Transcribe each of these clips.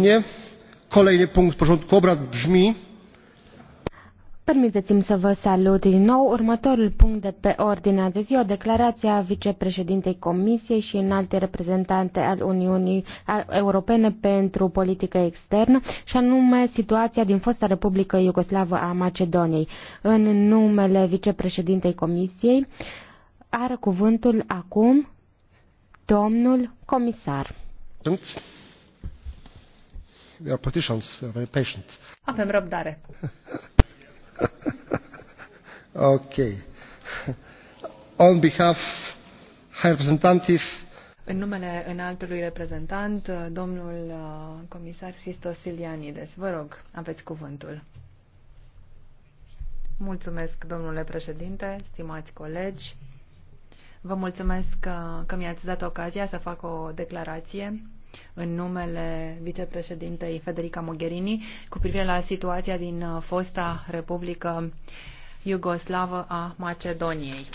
Istotnie kolejny punkt porządku obrad brzmi Permiteți-mi să vă salut din nou. Următorul punct de pe ordinea de zi, o declarație a vicepreședintei Comisiei și înalte reprezentante al Uniunii Europene pentru politică externă, și anume situația din fosta Republică Iugoslavă a Macedoniei. În numele vicepreședintei Comisiei are cuvântul acum domnul comisar. They are politicians, are very patient. Avem răbdare. ok. On behalf High Representative în numele înaltului reprezentant, domnul uh, comisar Hristos Silianides. Vă rog, aveți cuvântul. Mulțumesc, domnule președinte, stimați colegi. Vă mulțumesc că, uh, că mi-ați dat ocazia să fac o declarație în numele vicepreședintei Federica Mogherini cu privire la situația din uh, fosta Republică Iugoslavă a Macedoniei.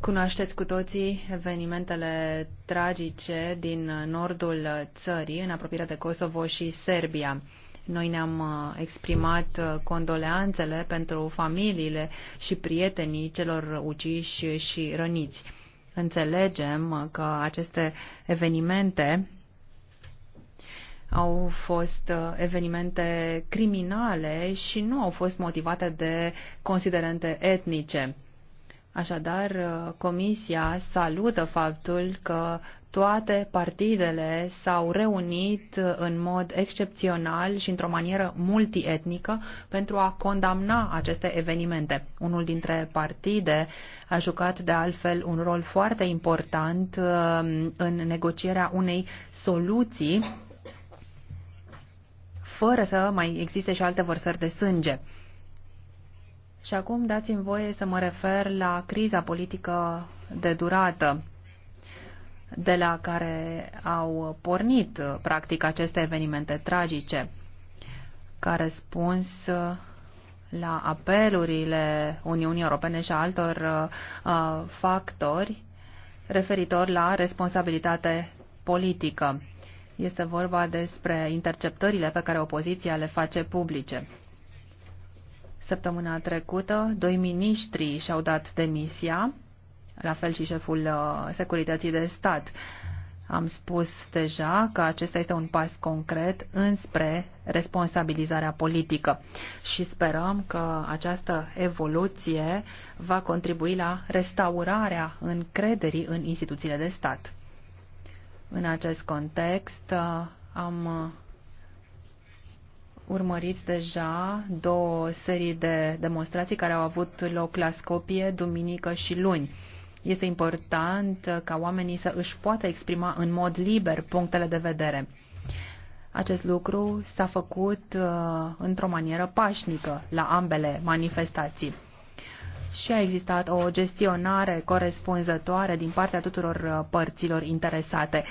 Cunoașteți cu toții evenimentele tragice din uh, nordul țării, în apropiere de Kosovo și Serbia. Noi ne-am uh, exprimat uh, condoleanțele pentru familiile și prietenii celor uciși și răniți. Înțelegem uh, că aceste evenimente au fost evenimente criminale și nu au fost motivate de considerente etnice. Așadar, uh, Comisia salută faptul că toate partidele s-au reunit uh, în mod excepțional și într-o manieră multietnică pentru a condamna aceste evenimente. Unul dintre partide a jucat de altfel un rol foarte important uh, în negocierea unei soluții fără să mai existe și alte vărsări de sânge. Și acum dați-mi voie să mă refer la criza politică de durată de la care au pornit, practic, aceste evenimente tragice. Ca răspuns la apelurile Uniunii Europene și a altor uh, factori referitor la responsabilitate politică. Este vorba despre interceptările pe care opoziția le face publice. Săptămâna trecută, doi miniștri și-au dat demisia, la fel și șeful uh, Securității de Stat. Am spus deja că acesta este un pas concret înspre responsabilizarea politică și sperăm că această evoluție va contribui la restaurarea încrederii în instituțiile de stat. În acest context uh, am urmăriți deja două serii de demonstrații care au avut loc la Scopie duminică și luni. Este important ca oamenii să își poată exprima în mod liber punctele de vedere. Acest lucru s-a făcut uh, într-o manieră pașnică la ambele manifestații și a existat o gestionare corespunzătoare din partea tuturor uh, părților interesate.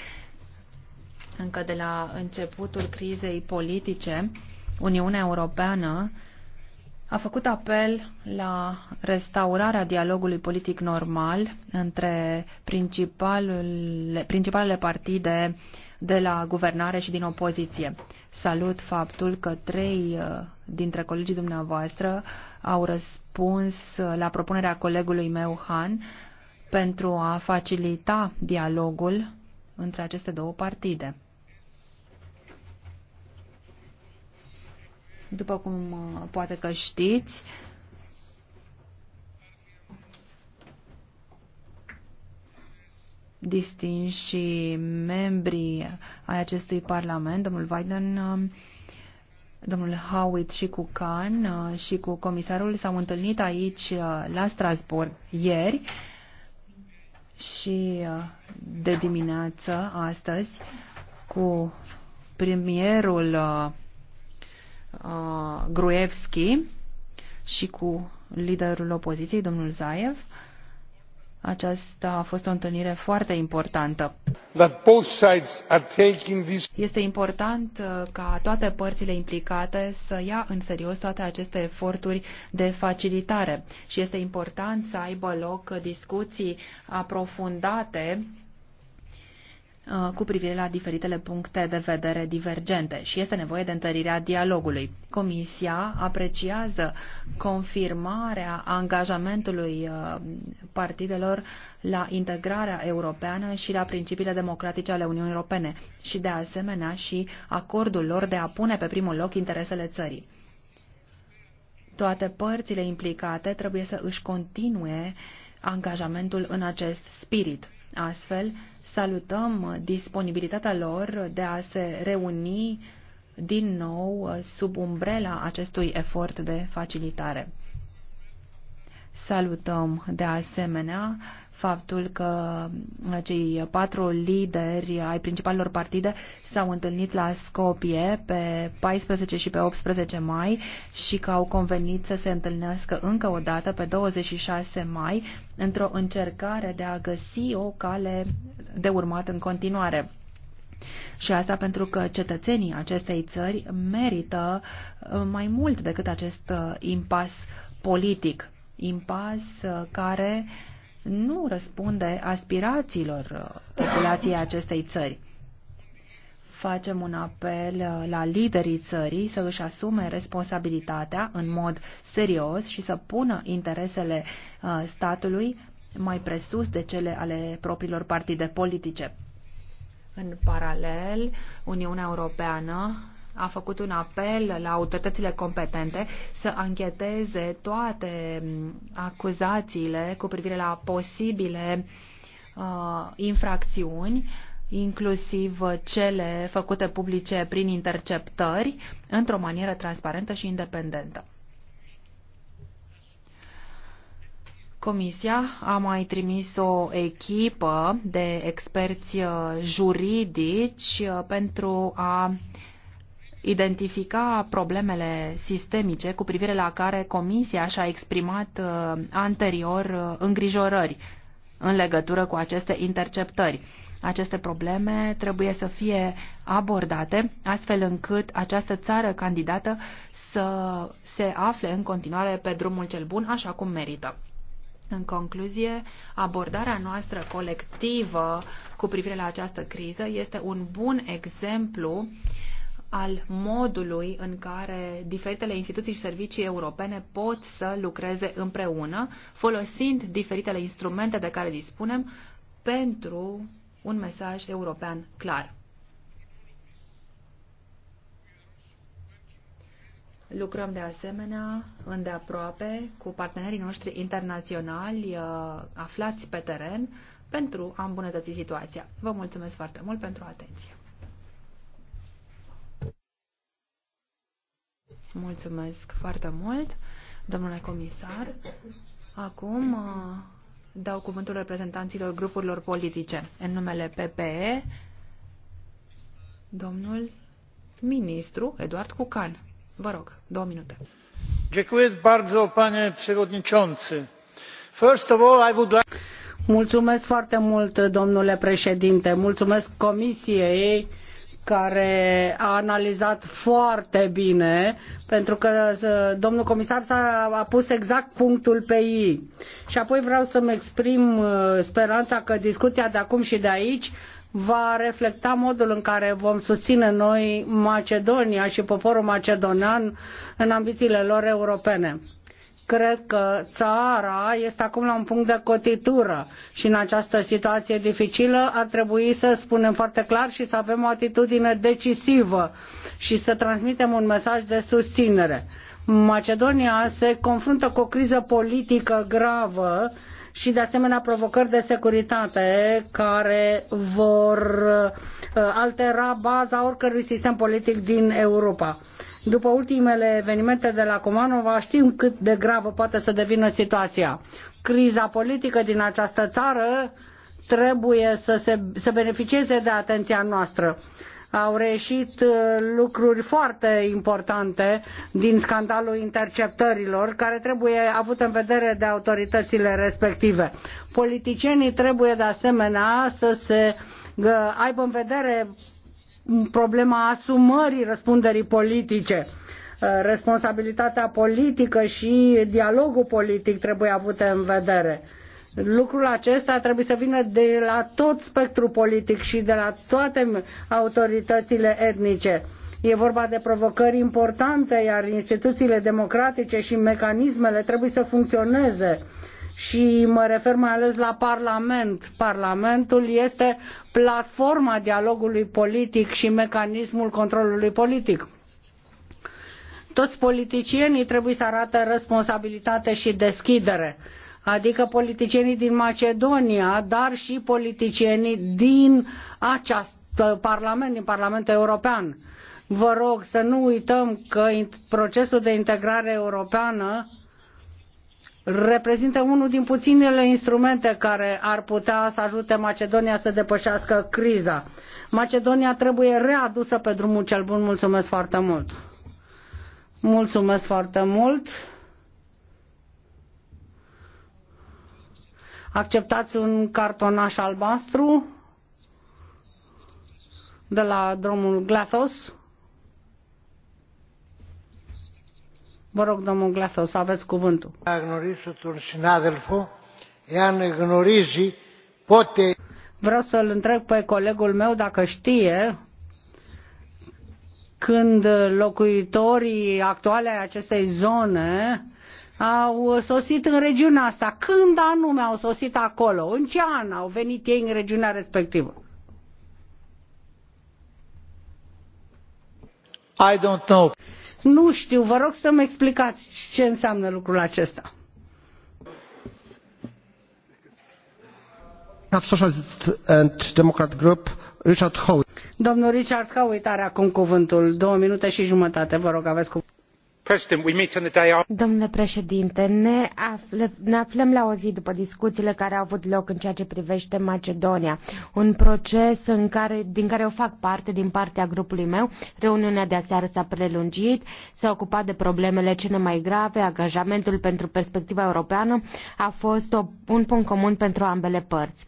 Încă de la începutul crizei politice, Uniunea Europeană a făcut apel la restaurarea dialogului politic normal între principalele, principalele partide de la guvernare și din opoziție. Salut faptul că trei uh, dintre colegii dumneavoastră au răspuns la propunerea colegului meu Han pentru a facilita dialogul între aceste două partide. După cum uh, poate că știți, distinși membrii ai acestui Parlament, domnul Biden, uh, domnul Howitt și cu Khan uh, și cu comisarul s-au întâlnit aici la Strasbourg ieri și de dimineață astăzi cu premierul uh, Gruevski și cu liderul opoziției, domnul Zaev. Aceasta a fost o întâlnire foarte importantă. Este important uh, ca toate părțile implicate să ia în serios toate aceste eforturi de facilitare și este important să aibă loc discuții aprofundate Uh, cu privire la diferitele puncte de vedere divergente și este nevoie de întărirea dialogului. Comisia apreciază confirmarea angajamentului uh, partidelor la integrarea europeană și la principiile democratice ale Uniunii Europene și de asemenea și acordul lor de a pune pe primul loc interesele țării. Toate părțile implicate trebuie să își continue angajamentul în acest spirit. Astfel, Salutăm uh, disponibilitatea lor de a se reuni din nou uh, sub umbrela acestui efort de facilitare. Salutăm de asemenea faptul că cei patru lideri ai principalelor partide s-au întâlnit la Scopie pe 14 și pe 18 mai și că au convenit să se întâlnească încă o dată pe 26 mai într-o încercare de a găsi o cale de urmat în continuare. Și asta pentru că cetățenii acestei țări merită uh, mai mult decât acest uh, impas politic impas uh, care nu răspunde aspirațiilor uh, populației acestei țări. Facem un apel uh, la liderii țării să își asume responsabilitatea în mod serios și să pună interesele statului mai presus de cele ale propriilor partide politice. În paralel, Uniunea Europeană a făcut un apel la autoritățile competente să ancheteze toate mm, acuzațiile cu privire la posibile uh, infracțiuni, inclusiv cele făcute publice prin interceptări, într-o manieră transparentă și independentă. Comisia a mai trimis o echipă de experți uh, juridici uh, pentru a identifica problemele sistemice cu privire la care Comisia și-a exprimat uh, anterior uh, îngrijorări în legătură cu aceste interceptări. Aceste probleme trebuie să fie abordate astfel încât această țară candidată să se afle în continuare pe drumul cel bun așa cum merită. În concluzie, abordarea noastră colectivă cu privire la această criză este un bun exemplu uh, al modului în care diferitele instituții și servicii europene pot să lucreze împreună, folosind diferitele instrumente de care dispunem pentru un mesaj european clar. Lucrăm de asemenea îndeaproape cu partenerii noștri internaționali uh, aflați pe teren pentru a îmbunătăți situația. Vă mulțumesc foarte mult pentru atenție. Mulțumesc foarte mult, domnule comisar. Acum uh, dau cuvântul reprezentanților grupurilor politice. În numele PPE, domnul ministru Eduard Cucan. Vă rog, două minute. First of all, I would like... Mulțumesc foarte mult, domnule președinte. Mulțumesc comisiei care a analizat foarte bine, pentru că domnul comisar s-a a pus exact punctul pe ei. Și apoi vreau să-mi exprim uh, speranța că discuția de acum și de aici va reflecta modul în care vom susține noi Macedonia și poporul macedonian în ambițiile lor europene cred că țara este acum la un punct de cotitură și în această situație dificilă ar trebui să spunem foarte clar și să avem o atitudine decisivă și să transmitem un mesaj de susținere. Macedonia se confruntă cu o criză politică gravă și de asemenea provocări de securitate care vor uh, altera baza oricărui sistem politic din Europa. După ultimele evenimente de la Comanova știm cât de gravă poate să devină situația. Criza politică din această țară trebuie să, se, să beneficieze de atenția noastră au reieșit uh, lucruri foarte importante din scandalul interceptărilor care trebuie avut în vedere de autoritățile respective. Politicienii trebuie de asemenea să se uh, aibă în vedere problema asumării răspunderii politice uh, responsabilitatea politică și dialogul politic trebuie avute în vedere. Lucrul acesta trebuie să vină de la tot spectrul politic și de la toate autoritățile etnice. E vorba de provocări importante, iar instituțiile democratice și mecanismele trebuie să funcționeze. Și mă refer mai ales la Parlament. Parlamentul este platforma dialogului politic și mecanismul controlului politic. Toți politicienii trebuie să arate responsabilitate și deschidere adică politicienii din Macedonia, dar și politicienii din acest parlament, din Parlamentul European. Vă rog să nu uităm că procesul de integrare europeană reprezintă unul din puținele instrumente care ar putea să ajute Macedonia să depășească criza. Macedonia trebuie readusă pe drumul cel bun. Mulțumesc foarte mult! Mulțumesc foarte mult! Acceptați un cartonaș albastru de la drumul Glathos. Vă rog, domnul Glathos, aveți cuvântul. Vreau să-l întreb pe colegul meu dacă știe când locuitorii actuale ai acestei zone au sosit în regiunea asta. Când anume au sosit acolo? În ce an au venit ei în regiunea respectivă? I don't know. Nu știu, vă rog să-mi explicați ce înseamnă lucrul acesta. and Group, Richard Howitt. Domnul Richard Howitt are acum cuvântul. Două minute și jumătate, vă rog, aveți cuvântul. Domnule președinte, ne, afl ne aflăm la o zi după discuțiile care au avut loc în ceea ce privește Macedonia, un proces în care, din care eu fac parte din partea grupului meu. Reuniunea de aseară s-a prelungit, s-a ocupat de problemele cele mai grave, angajamentul pentru perspectiva europeană a fost o, un punct comun pentru ambele părți.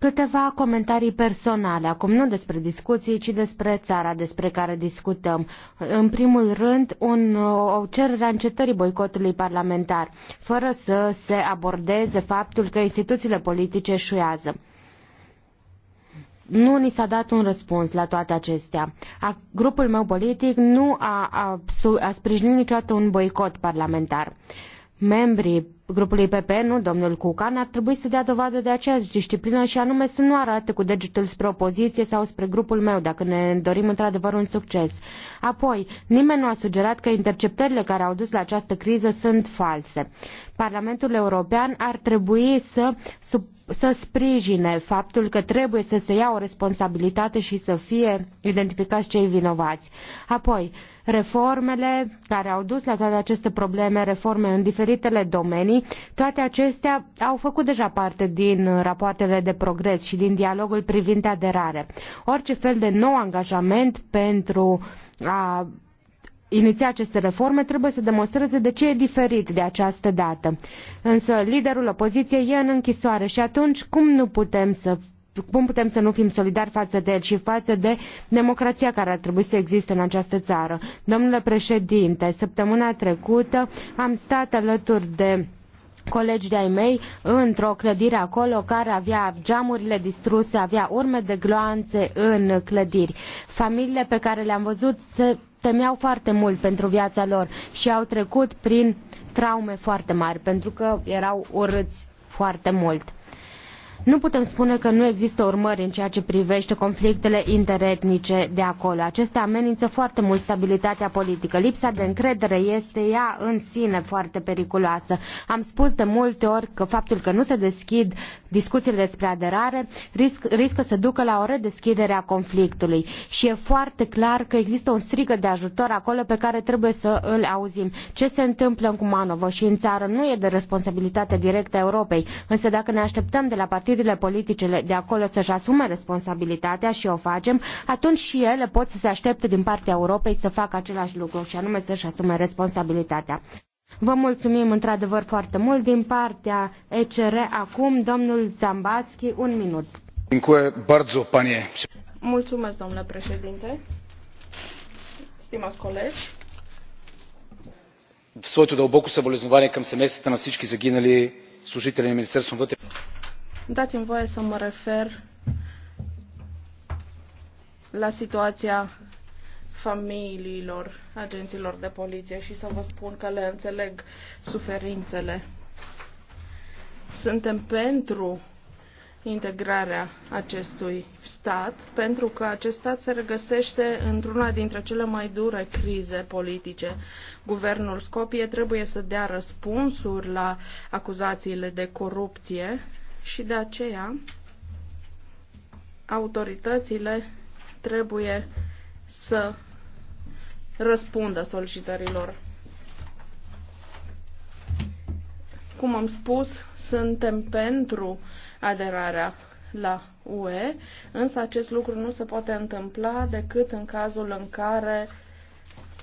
Câteva comentarii personale, acum nu despre discuții, ci despre țara despre care discutăm. În primul rând, un, o cerere a încetării boicotului parlamentar, fără să se abordeze faptul că instituțiile politice șuiază. Nu ni s-a dat un răspuns la toate acestea. A, grupul meu politic nu a, a, a sprijinit niciodată un boicot parlamentar. Membrii grupului PP, nu domnul Cucan, ar trebui să dea dovadă de aceeași disciplină și anume să nu arate cu degetul spre opoziție sau spre grupul meu, dacă ne dorim într-adevăr un succes. Apoi, nimeni nu a sugerat că interceptările care au dus la această criză sunt false. Parlamentul European ar trebui să sub să sprijine faptul că trebuie să se ia o responsabilitate și să fie identificați cei vinovați. Apoi, reformele care au dus la toate aceste probleme, reforme în diferitele domenii, toate acestea au făcut deja parte din rapoartele de progres și din dialogul privind aderare. Orice fel de nou angajament pentru a iniția aceste reforme trebuie să demonstreze de ce e diferit de această dată. Însă liderul opoziției e în închisoare și atunci cum nu putem să cum putem să nu fim solidari față de el și față de democrația care ar trebui să existe în această țară. Domnule președinte, săptămâna trecută am stat alături de colegi de-ai mei într-o clădire acolo care avea geamurile distruse, avea urme de gloanțe în clădiri. Familiile pe care le-am văzut se temeau foarte mult pentru viața lor și au trecut prin traume foarte mari pentru că erau urâți foarte mult. Nu putem spune că nu există urmări în ceea ce privește conflictele interetnice de acolo. Acestea amenință foarte mult stabilitatea politică. Lipsa de încredere este ea în sine foarte periculoasă. Am spus de multe ori că faptul că nu se deschid discuțiile despre aderare risc, riscă să ducă la o redeschidere a conflictului. Și e foarte clar că există un strigă de ajutor acolo pe care trebuie să îl auzim. Ce se întâmplă în Cumanovo și în țară nu e de responsabilitate directă a Europei, însă dacă ne așteptăm de la partea partidele politice de acolo să-și asume responsabilitatea și o facem, atunci și ele pot să se aștepte din partea Europei să facă același lucru și anume să-și asume responsabilitatea. Vă mulțumim într-adevăr foarte mult din partea ECR. Acum, domnul Zambatski, un minut. Mulțumesc, domnule președinte. Stimați colegi. Своето дълбоко съболезнование към семействата на всички загинали служители на Министерството на вътрешните Dați-mi voie să mă refer la situația familiilor agenților de poliție și să vă spun că le înțeleg suferințele. Suntem pentru integrarea acestui stat, pentru că acest stat se regăsește într-una dintre cele mai dure crize politice. Guvernul Scopie trebuie să dea răspunsuri la acuzațiile de corupție și de aceea autoritățile trebuie să răspundă solicitărilor. Cum am spus, suntem pentru aderarea la UE, însă acest lucru nu se poate întâmpla decât în cazul în care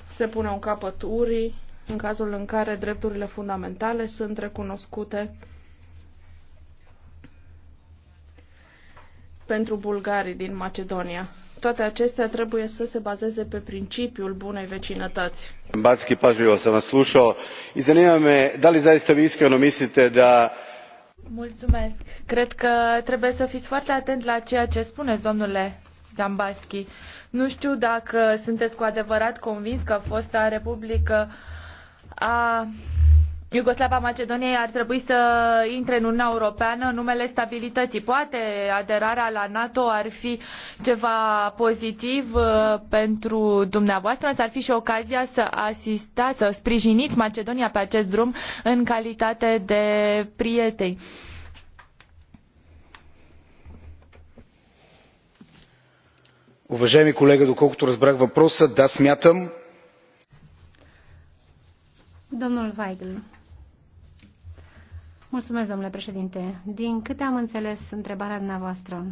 se pune un capăt urii, în cazul în care drepturile fundamentale sunt recunoscute pentru bulgarii din Macedonia. Toate acestea trebuie să se bazeze pe principiul bunei vecinătăți. Bațchi, pažljivo să vă slușo. i da li zaista vi iskreno mislite da Mulțumesc. Cred că trebuie să fiți foarte atent la ceea ce spuneți, domnule Zambaschi. Nu știu dacă sunteți cu adevărat convins că fosta Republică a Iugoslava Macedoniei ar trebui să intre în Uniunea Europeană în numele stabilităii. Poate aderarea la NATO ar fi ceva pozitiv uh, pentru dumneavoastră, însă ar fi și ocazia să asistai să sprijiniți Macedonia pe acest drum în calitate de prieteni. Уважаеми колега, доколкото разбрах въпроса, да, смятам. Domnul Weigl, Mulțumesc, domnule președinte. Din câte am înțeles întrebarea dumneavoastră,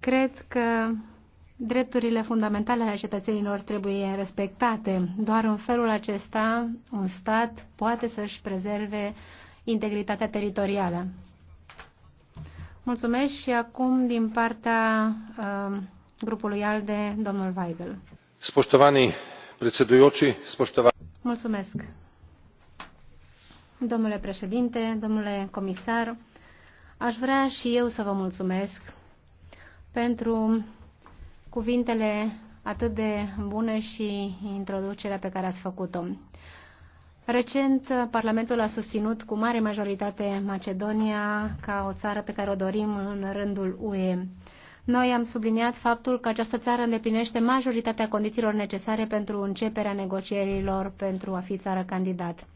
cred că drepturile fundamentale ale cetățenilor trebuie respectate. Doar în felul acesta un stat poate să-și prezerve integritatea teritorială. Mulțumesc și acum din partea uh, grupului ALDE, domnul Weigel. Spoștovanii Mulțumesc. Domnule președinte, domnule comisar, aș vrea și eu să vă mulțumesc pentru cuvintele atât de bune și introducerea pe care ați făcut-o. Recent, Parlamentul a susținut cu mare majoritate Macedonia ca o țară pe care o dorim în rândul UE. Noi am subliniat faptul că această țară îndeplinește majoritatea condițiilor necesare pentru începerea negocierilor pentru a fi țară candidat.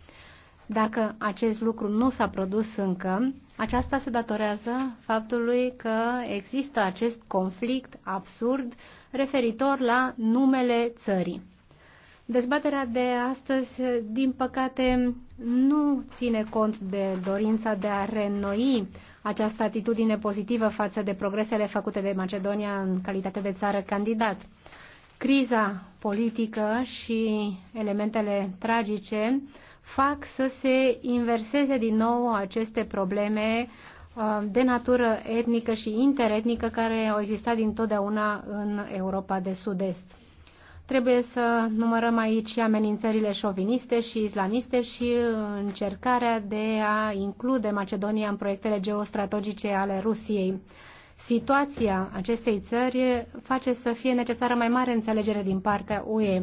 Dacă acest lucru nu s-a produs încă, aceasta se datorează faptului că există acest conflict absurd referitor la numele țării. Dezbaterea de astăzi, din păcate, nu ține cont de dorința de a reînnoi această atitudine pozitivă față de progresele făcute de Macedonia în calitate de țară candidat. Criza politică și elementele tragice fac să se inverseze din nou aceste probleme uh, de natură etnică și interetnică care au existat dintotdeauna în Europa de Sud-Est. Trebuie să numărăm aici amenințările șoviniste și islamiste și încercarea de a include Macedonia în proiectele geostrategice ale Rusiei. Situația acestei țări face să fie necesară mai mare înțelegere din partea UE.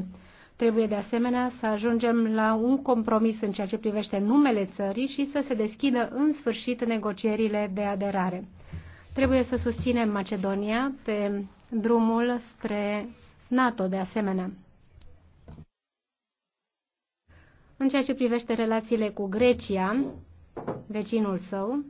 Trebuie de asemenea să ajungem la un compromis în ceea ce privește numele țării și să se deschidă în sfârșit negocierile de aderare. Trebuie să susținem Macedonia pe drumul spre NATO de asemenea. În ceea ce privește relațiile cu Grecia, vecinul său,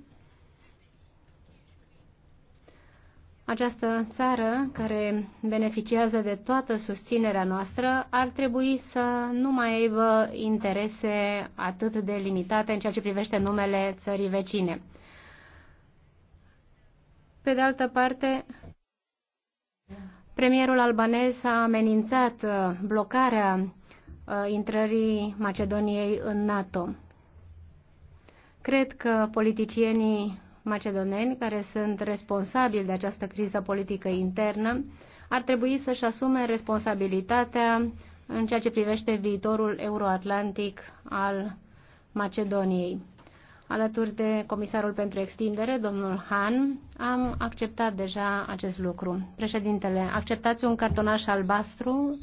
Această țară, care beneficiază de toată susținerea noastră, ar trebui să nu mai aibă interese atât de limitate în ceea ce privește numele țării vecine. Pe de altă parte, Premierul albanez a amenințat uh, blocarea uh, intrării Macedoniei în NATO. Cred că politicienii macedoneni care sunt responsabili de această criză politică internă ar trebui să-și asume responsabilitatea în ceea ce privește viitorul euroatlantic al Macedoniei alături de comisarul pentru extindere, domnul Han, am acceptat deja acest lucru. Președintele, acceptați un cartonaș albastru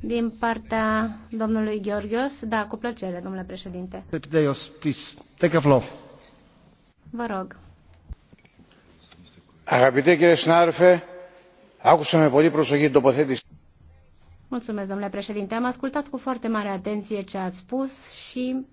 din partea domnului Gheorghios? Da, cu plăcere, domnule președinte. Epideos, please, take a floor. Vă rog. Agapite, κύριε συνάδελφε, άκουσα με πολύ προσοχή την τοποθέτηση. Mulțumesc, domnule președinte. Am ascultat cu foarte mare atenție ce ați spus și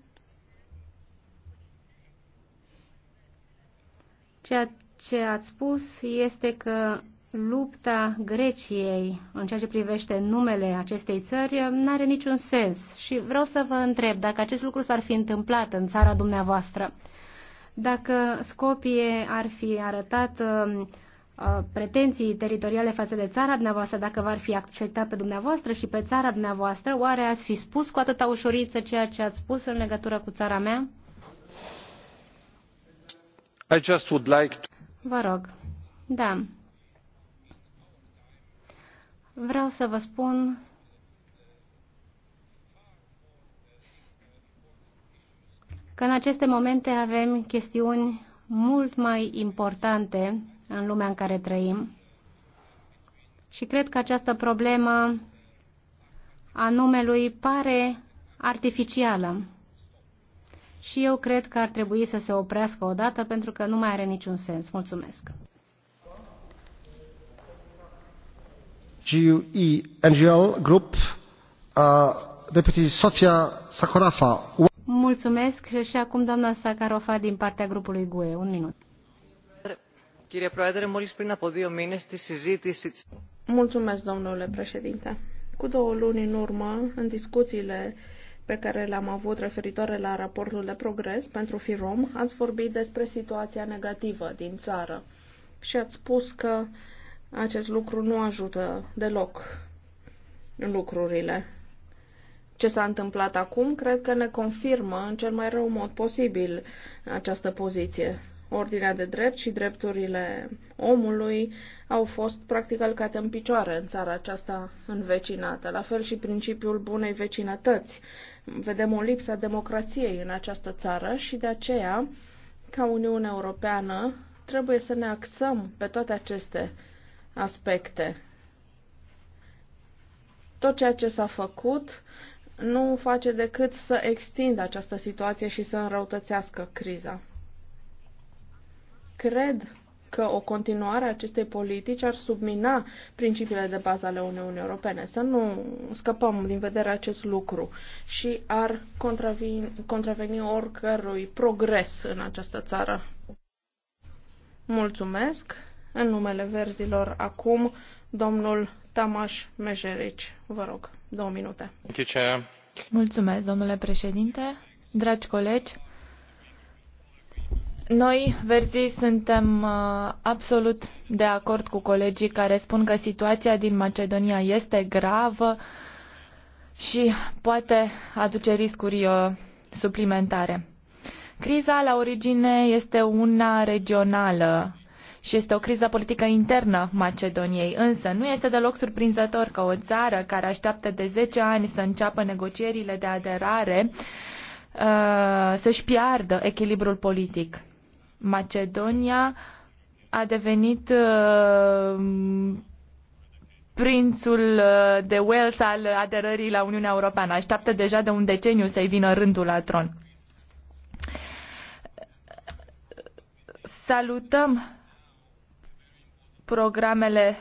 Ceea ce ați spus este că lupta Greciei în ceea ce privește numele acestei țări nu are niciun sens. Și vreau să vă întreb dacă acest lucru s-ar fi întâmplat în țara dumneavoastră, dacă Scopie ar fi arătat uh, uh, pretenții teritoriale față de țara dumneavoastră, dacă v-ar fi acceptat pe dumneavoastră și pe țara dumneavoastră, oare ați fi spus cu atâta ușurință ceea ce ați spus în legătură cu țara mea? Vă rog. Da. Vreau să vă spun că în aceste momente avem chestiuni mult mai importante în lumea în care trăim și cred că această problemă a numelui pare artificială și eu cred că ar trebui să se oprească odată pentru că nu mai are niciun sens. Mulțumesc. GUE NGL Group, uh, Deputy Sofia Sakorafa. Mulțumesc și acum doamna Sakarofa din partea grupului GUE. Un minut. Mulțumesc, domnule președinte. Cu două luni în urmă, în discuțiile pe care le-am avut referitoare la raportul de progres pentru FIROM, ați vorbit despre situația negativă din țară și ați spus că acest lucru nu ajută deloc lucrurile. Ce s-a întâmplat acum cred că ne confirmă în cel mai rău mod posibil această poziție. Ordinea de drept și drepturile omului au fost practic alcate în picioare în țara aceasta învecinată, la fel și principiul bunei vecinătăți Vedem o lipsă democrației în această țară și de aceea, ca Uniune Europeană, trebuie să ne axăm pe toate aceste aspecte. Tot ceea ce s-a făcut nu face decât să extindă această situație și să înrăutățească criza. Cred că o continuare a acestei politici ar submina principiile de bază ale Uniunii Europene. Să nu scăpăm din vedere acest lucru și ar contraveni, contraveni oricărui progres în această țară. Mulțumesc. În numele verzilor acum, domnul Tamaș Mejerici. Vă rog, două minute. Mulțumesc, domnule președinte. Dragi colegi, noi, Verzii, suntem uh, absolut de acord cu colegii care spun că situația din Macedonia este gravă și poate aduce riscuri uh, suplimentare. Criza la origine este una regională și este o criză politică internă Macedoniei, însă nu este deloc surprinzător că o țară care așteaptă de 10 ani să înceapă negocierile de aderare uh, să-și piardă echilibrul politic. Macedonia a devenit uh, prințul uh, de Wales al aderării la Uniunea Europeană. Așteaptă deja de un deceniu să-i vină rândul la tron. Salutăm programele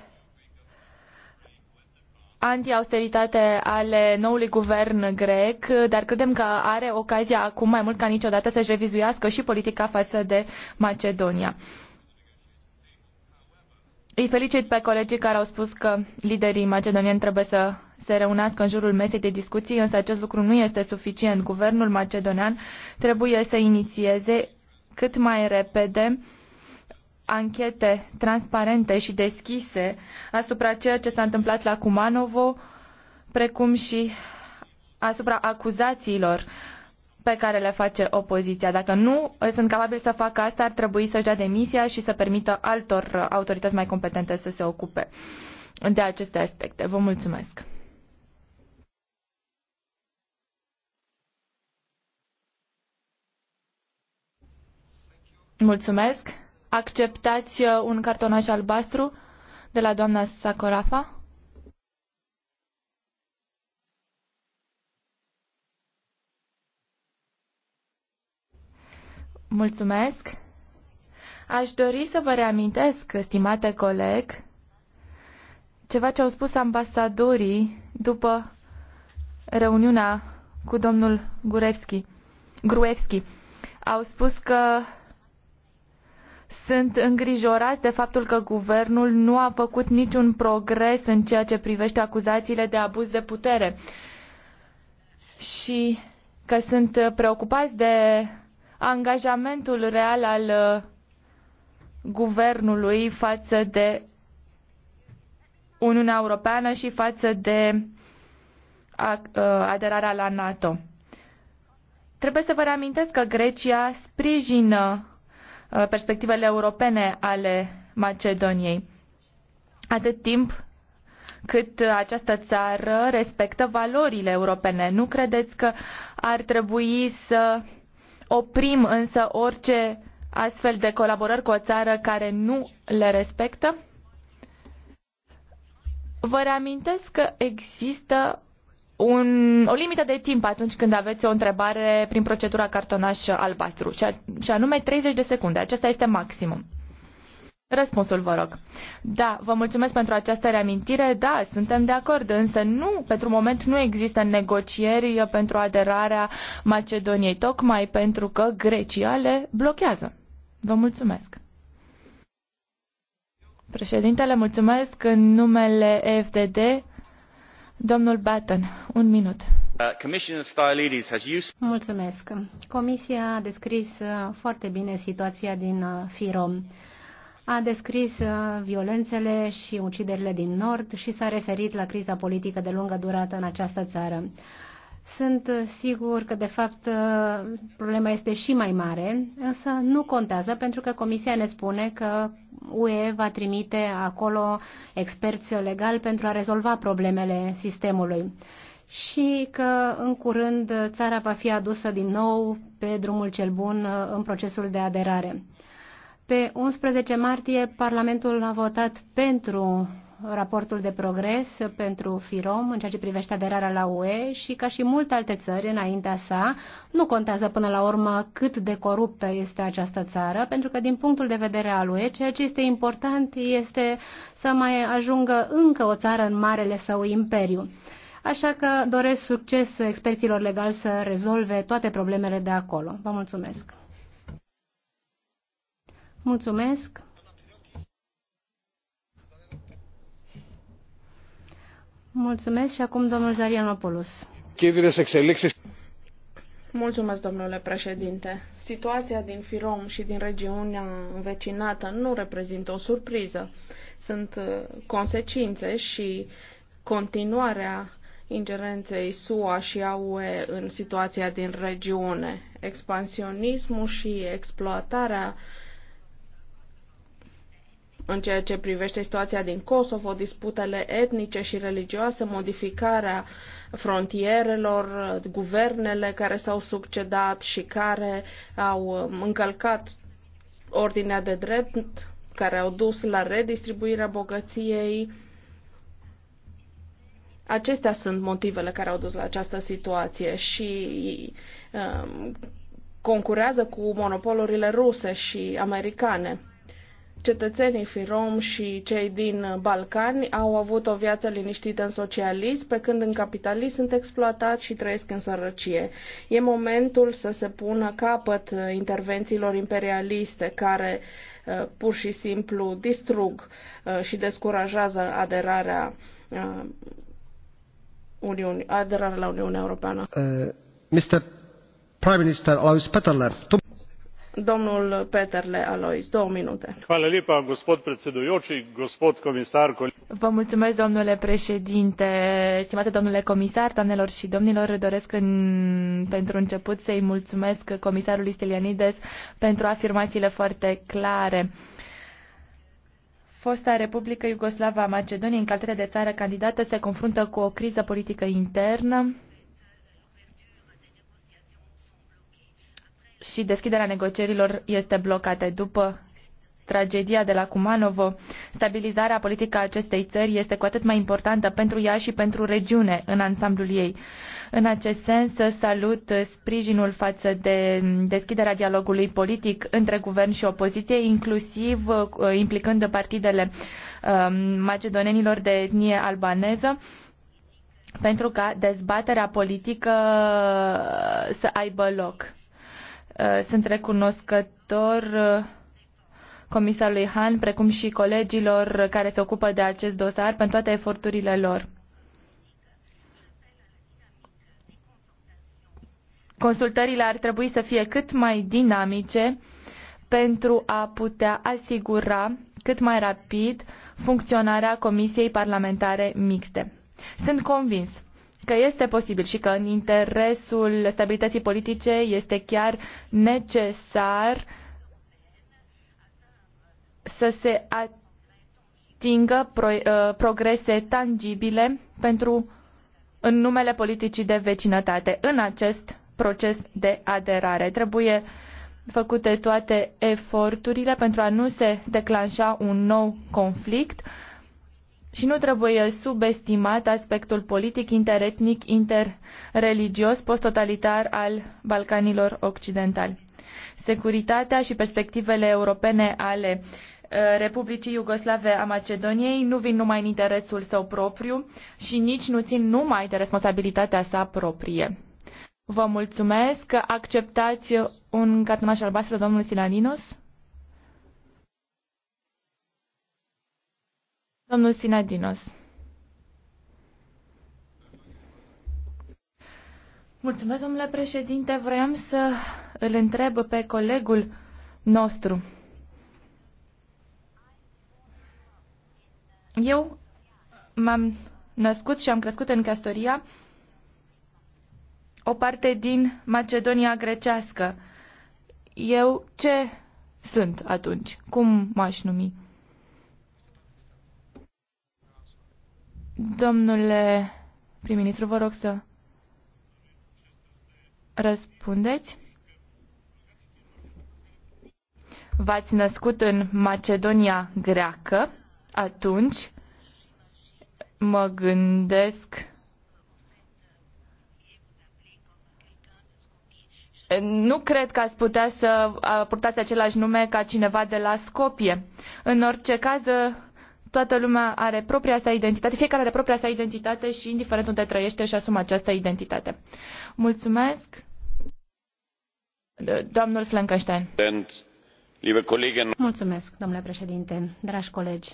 antiausteritate ale noului guvern grec, dar credem că are ocazia acum mai mult ca niciodată să-și revizuiască și politica față de Macedonia. Îi felicit pe colegii care au spus că liderii macedonieni trebuie să se reunească în jurul mesei de discuții, însă acest lucru nu este suficient. Guvernul Macedonian trebuie să inițieze cât mai repede uh, anchete transparente și deschise asupra ceea ce s-a întâmplat la Kumanovo, precum și asupra acuzațiilor pe care le face opoziția. Dacă nu sunt capabili să facă asta, ar trebui să-și dea demisia și să permită altor autorități mai competente să se ocupe de aceste aspecte. Vă mulțumesc! Mulțumesc! Acceptați uh, un cartonaș albastru de la doamna Sakorafa? Mulțumesc. Aș dori să vă reamintesc, stimate coleg, ceva ce au spus ambasadorii după reuniunea cu domnul Gurevski. Gruevski. Au spus că sunt îngrijorați de faptul că guvernul nu a făcut niciun progres în ceea ce privește acuzațiile de abuz de putere și că sunt preocupați de angajamentul real al uh, guvernului față de Uniunea Europeană și față de uh, aderarea la NATO. Trebuie să vă reamintesc că Grecia sprijină Uh, perspectivele europene ale Macedoniei. Atât timp cât această țară respectă valorile europene. Nu credeți că ar trebui să oprim însă orice astfel de colaborări cu o țară care nu le respectă? Vă reamintesc că există un, o limită de timp atunci când aveți o întrebare prin procedura cartonaș albastru, și, a, și anume 30 de secunde. Acesta este maximum. Răspunsul, vă rog. Da, vă mulțumesc pentru această reamintire. Da, suntem de acord, însă nu, pentru moment nu există negocieri pentru aderarea Macedoniei, tocmai pentru că Grecia le blochează. Vă mulțumesc. Președintele, mulțumesc în numele FDD. Domnul Batten, un minut. Uh, Mulțumesc. Comisia a descris uh, foarte bine situația din uh, fyrom A descris violențele și uciderile din Nord și s-a referit la criza politică de lungă durată în această țară. Sunt uh, sigur că, de fapt, uh, problema este și mai mare, însă nu contează pentru că Comisia ne spune că UE va trimite acolo experți legali pentru a rezolva problemele sistemului și că în curând țara va fi adusă din nou pe drumul cel bun uh, în procesul de aderare. Pe 11 martie, Parlamentul a votat pentru raportul de progres pentru FIROM în ceea ce privește aderarea la UE și ca și multe alte țări înaintea sa, nu contează până la urmă cât de coruptă este această țară, pentru că din punctul de vedere al UE, ceea ce este important este să mai ajungă încă o țară în marele său imperiu. Așa că doresc succes experților legali să rezolve toate problemele de acolo. Vă mulțumesc! Mulțumesc! Mulțumesc și acum domnul Zarianopoulos. Mulțumesc, domnule președinte. Situația din Firom și din regiunea învecinată nu reprezintă o surpriză. Sunt uh, consecințe și continuarea ingerenței SUA și a UE în situația din regiune. Expansionismul și exploatarea uh, în ceea ce privește situația din Kosovo, disputele etnice și religioase, modificarea frontierelor, guvernele care s-au succedat și care au um, încălcat ordinea de drept, care au dus la redistribuirea bogăției. Acestea sunt motivele care au dus la această situație și um, concurează cu monopolurile ruse și americane cetățenii firom și cei din Balcani au avut o viață liniștită în socialism, pe când în capitalism sunt exploatați și trăiesc în sărăcie. E momentul să se pună capăt intervențiilor imperialiste care uh, pur și simplu distrug uh, și descurajează aderarea, uh, Uniunii, aderarea la Uniunea Europeană. Uh, Mr. Prime Minister Alaus Peterle, Domnul Peterle Alois, două minute. Vă mulțumesc, domnule președinte, stimate domnule comisar, doamnelor și domnilor, doresc în, pentru început să-i mulțumesc comisarului Stelianides pentru afirmațiile foarte clare fosta Republică Iugoslava a Macedoniei, în calitate de țară candidată, se confruntă cu o criză politică internă și deschiderea negocierilor este blocată. După tragedia de la Kumanovo. stabilizarea politică a acestei țări este cu atât mai importantă pentru ea și pentru regiune în ansamblul ei. În acest sens, salut sprijinul față de deschiderea dialogului politic între guvern și opoziție, inclusiv uh, implicând partidele um, macedonenilor de etnie albaneză pentru ca dezbaterea politică să aibă loc. Uh, sunt recunoscător uh, comisarului Han, precum și colegilor care se ocupă de acest dosar, pentru toate eforturile lor. Consultările ar trebui să fie cât mai dinamice pentru a putea asigura cât mai rapid funcționarea Comisiei Parlamentare Mixte. Sunt convins că este posibil și că în interesul stabilității politice este chiar necesar să se atingă uh, progrese tangibile pentru în numele politicii de vecinătate în acest proces de aderare. Trebuie făcute toate eforturile pentru a nu se declanșa un nou conflict și nu trebuie subestimat aspectul politic, interetnic, interreligios, posttotalitar al Balcanilor Occidentali. Securitatea și perspectivele europene ale uh, Republicii Iugoslave a Macedoniei nu vin numai în interesul său propriu și nici nu țin numai de responsabilitatea sa proprie. Vă mulțumesc că acceptați un cartonaș albastru, domnul Silaninos. Domnul Sinadinos. Mulțumesc, domnule președinte. Vreau să îl întreb pe colegul nostru. Eu m-am născut și am crescut în Castoria, o parte din Macedonia grecească. Eu ce sunt atunci? Cum m-aș numi? Domnule prim-ministru, vă rog să răspundeți. V-ați născut în Macedonia greacă, atunci mă gândesc Nu cred că ați putea să purtați același nume ca cineva de la Scopie. În orice caz, toată lumea are propria sa identitate, fiecare are propria sa identitate și indiferent unde trăiește își asumă această identitate. Mulțumesc. Domnul Flankenstein. Mulțumesc, domnule președinte, dragi colegi.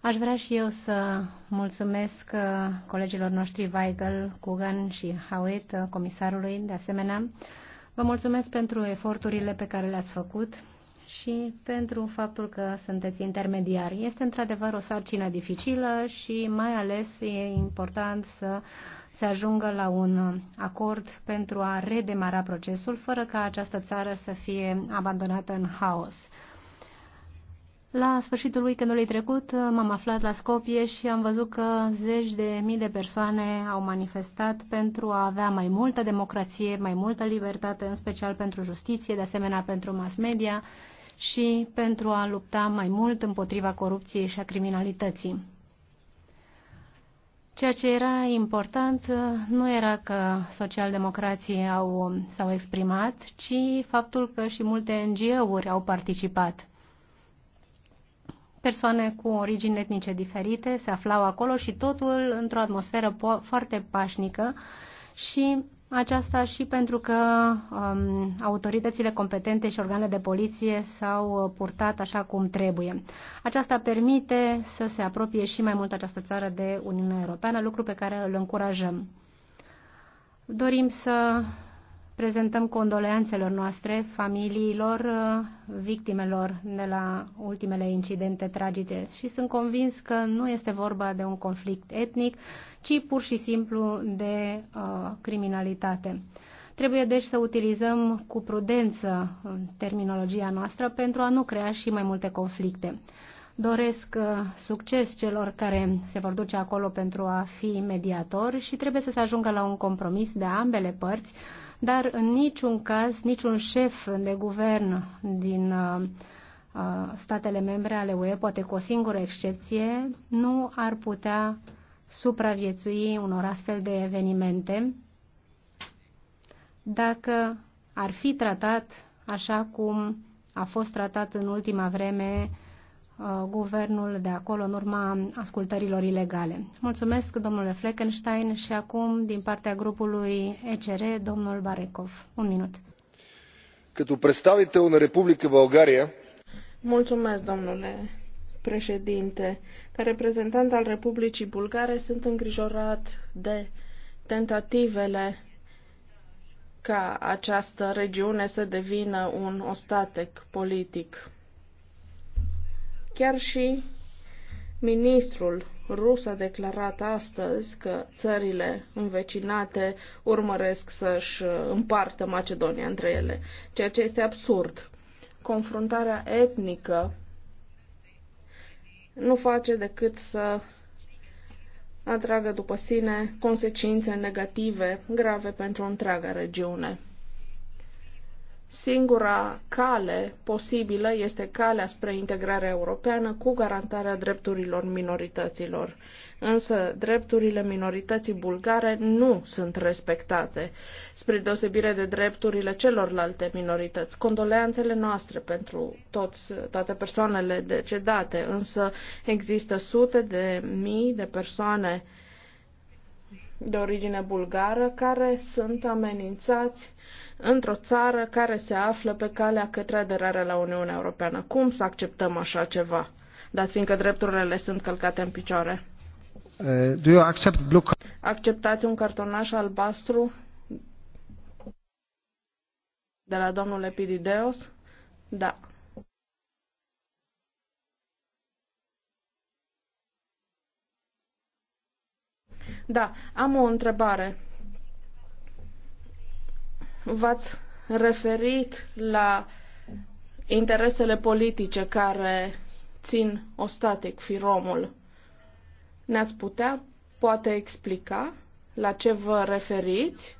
Aș vrea și eu să mulțumesc uh, colegilor noștri Weigel, Kugan și Howitt, uh, comisarului, de asemenea. Vă mulțumesc pentru eforturile pe care le-ați făcut și pentru faptul că sunteți intermediari. Este într-adevăr o sarcină dificilă și mai ales e important să se ajungă la un acord pentru a redemara procesul fără ca această țară să fie abandonată în haos. La sfârșitul weekendului trecut m-am aflat la Scopie și am văzut că zeci de mii de persoane au manifestat pentru a avea mai multă democrație, mai multă libertate, în special pentru justiție, de asemenea pentru mass media și pentru a lupta mai mult împotriva corupției și a criminalității. Ceea ce era important nu era că socialdemocrații au, s-au exprimat, ci faptul că și multe NGO-uri au participat. Persoane cu origini etnice diferite se aflau acolo și totul într-o atmosferă foarte pașnică și aceasta și pentru că um, autoritățile competente și organele de poliție s-au uh, purtat așa cum trebuie. Aceasta permite să se apropie și mai mult această țară de Uniunea Europeană, lucru pe care îl încurajăm. Dorim să prezentăm condoleanțelor noastre, familiilor, uh, victimelor de la ultimele incidente tragice și sunt convins că nu este vorba de un conflict etnic, ci pur și simplu de uh, criminalitate. Trebuie deci să utilizăm cu prudență uh, terminologia noastră pentru a nu crea și mai multe conflicte. Doresc uh, succes celor care se vor duce acolo pentru a fi mediatori și trebuie să se ajungă la un compromis de ambele părți dar în niciun caz niciun șef de guvern din uh, uh, statele membre ale UE, poate cu o singură excepție, nu ar putea supraviețui unor astfel de evenimente dacă ar fi tratat așa cum a fost tratat în ultima vreme Uh, guvernul de acolo în urma ascultărilor ilegale. Mulțumesc, domnule Fleckenstein, și acum, din partea grupului ECR, domnul Barekov. Un minut. Като представител на Република България. Mulțumesc, domnule președinte. Ca reprezentant al Republicii Bulgare sunt îngrijorat de tentativele ca această regiune să devină un ostatec politic Chiar și ministrul rus a declarat astăzi că țările învecinate urmăresc să-și împartă Macedonia între ele, ceea ce este absurd. Confruntarea etnică nu face decât să atragă după sine consecințe negative grave pentru întreaga regiune. Singura cale posibilă este calea spre integrarea europeană cu garantarea drepturilor minorităților. Însă drepturile minorității bulgare nu sunt respectate, spre deosebire de drepturile celorlalte minorități. Condoleanțele noastre pentru toți, toate persoanele decedate, însă există sute de mii de persoane uh, de origine bulgară care sunt amenințați într-o țară care se află pe calea către aderarea la Uniunea Europeană. Cum să acceptăm așa ceva, dat fiindcă drepturile le sunt călcate în picioare? Uh, do you accept blue Acceptați un cartonaș albastru de la domnul Epidideos? Da. Da, am o întrebare. V-ați referit la interesele politice care țin ostatic firomul. Ne-ați putea poate explica la ce vă referiți?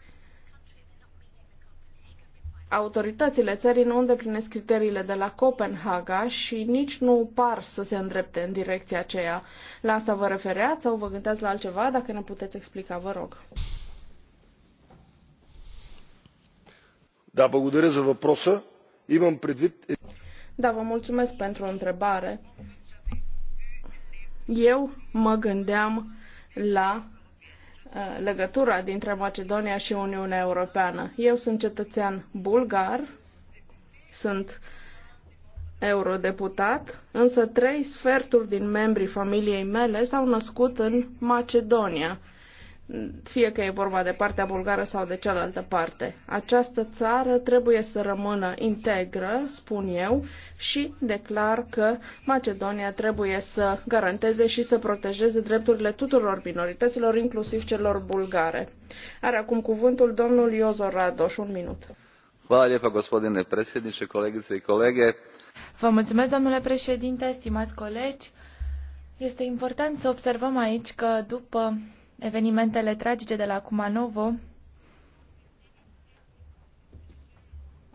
autoritățile țării nu îndeplinesc criteriile de la Copenhaga și nici nu par să se îndrepte în direcția aceea. La asta vă refereați sau vă gândeați la altceva? Dacă ne puteți explica, vă rog. Da, mulțumesc pentru въпроса. Imam предвид... Da, vă mulțumesc pentru întrebare. Eu mă gândeam la Uh, legătura dintre Macedonia și Uniunea Europeană. Eu sunt cetățean bulgar, sunt eurodeputat, însă trei sferturi din membrii familiei mele s-au născut în Macedonia fie că e vorba de partea bulgară sau de cealaltă parte. Această țară trebuie să rămână integră, spun eu, și declar că Macedonia trebuie să garanteze și să protejeze drepturile tuturor minorităților, inclusiv celor bulgare. Are acum cuvântul domnul Iozor Radoș, un minut. Vă mulțumesc, domnule președinte, stimați colegi. Este important să observăm aici că după evenimentele tragice de la Cumanovo,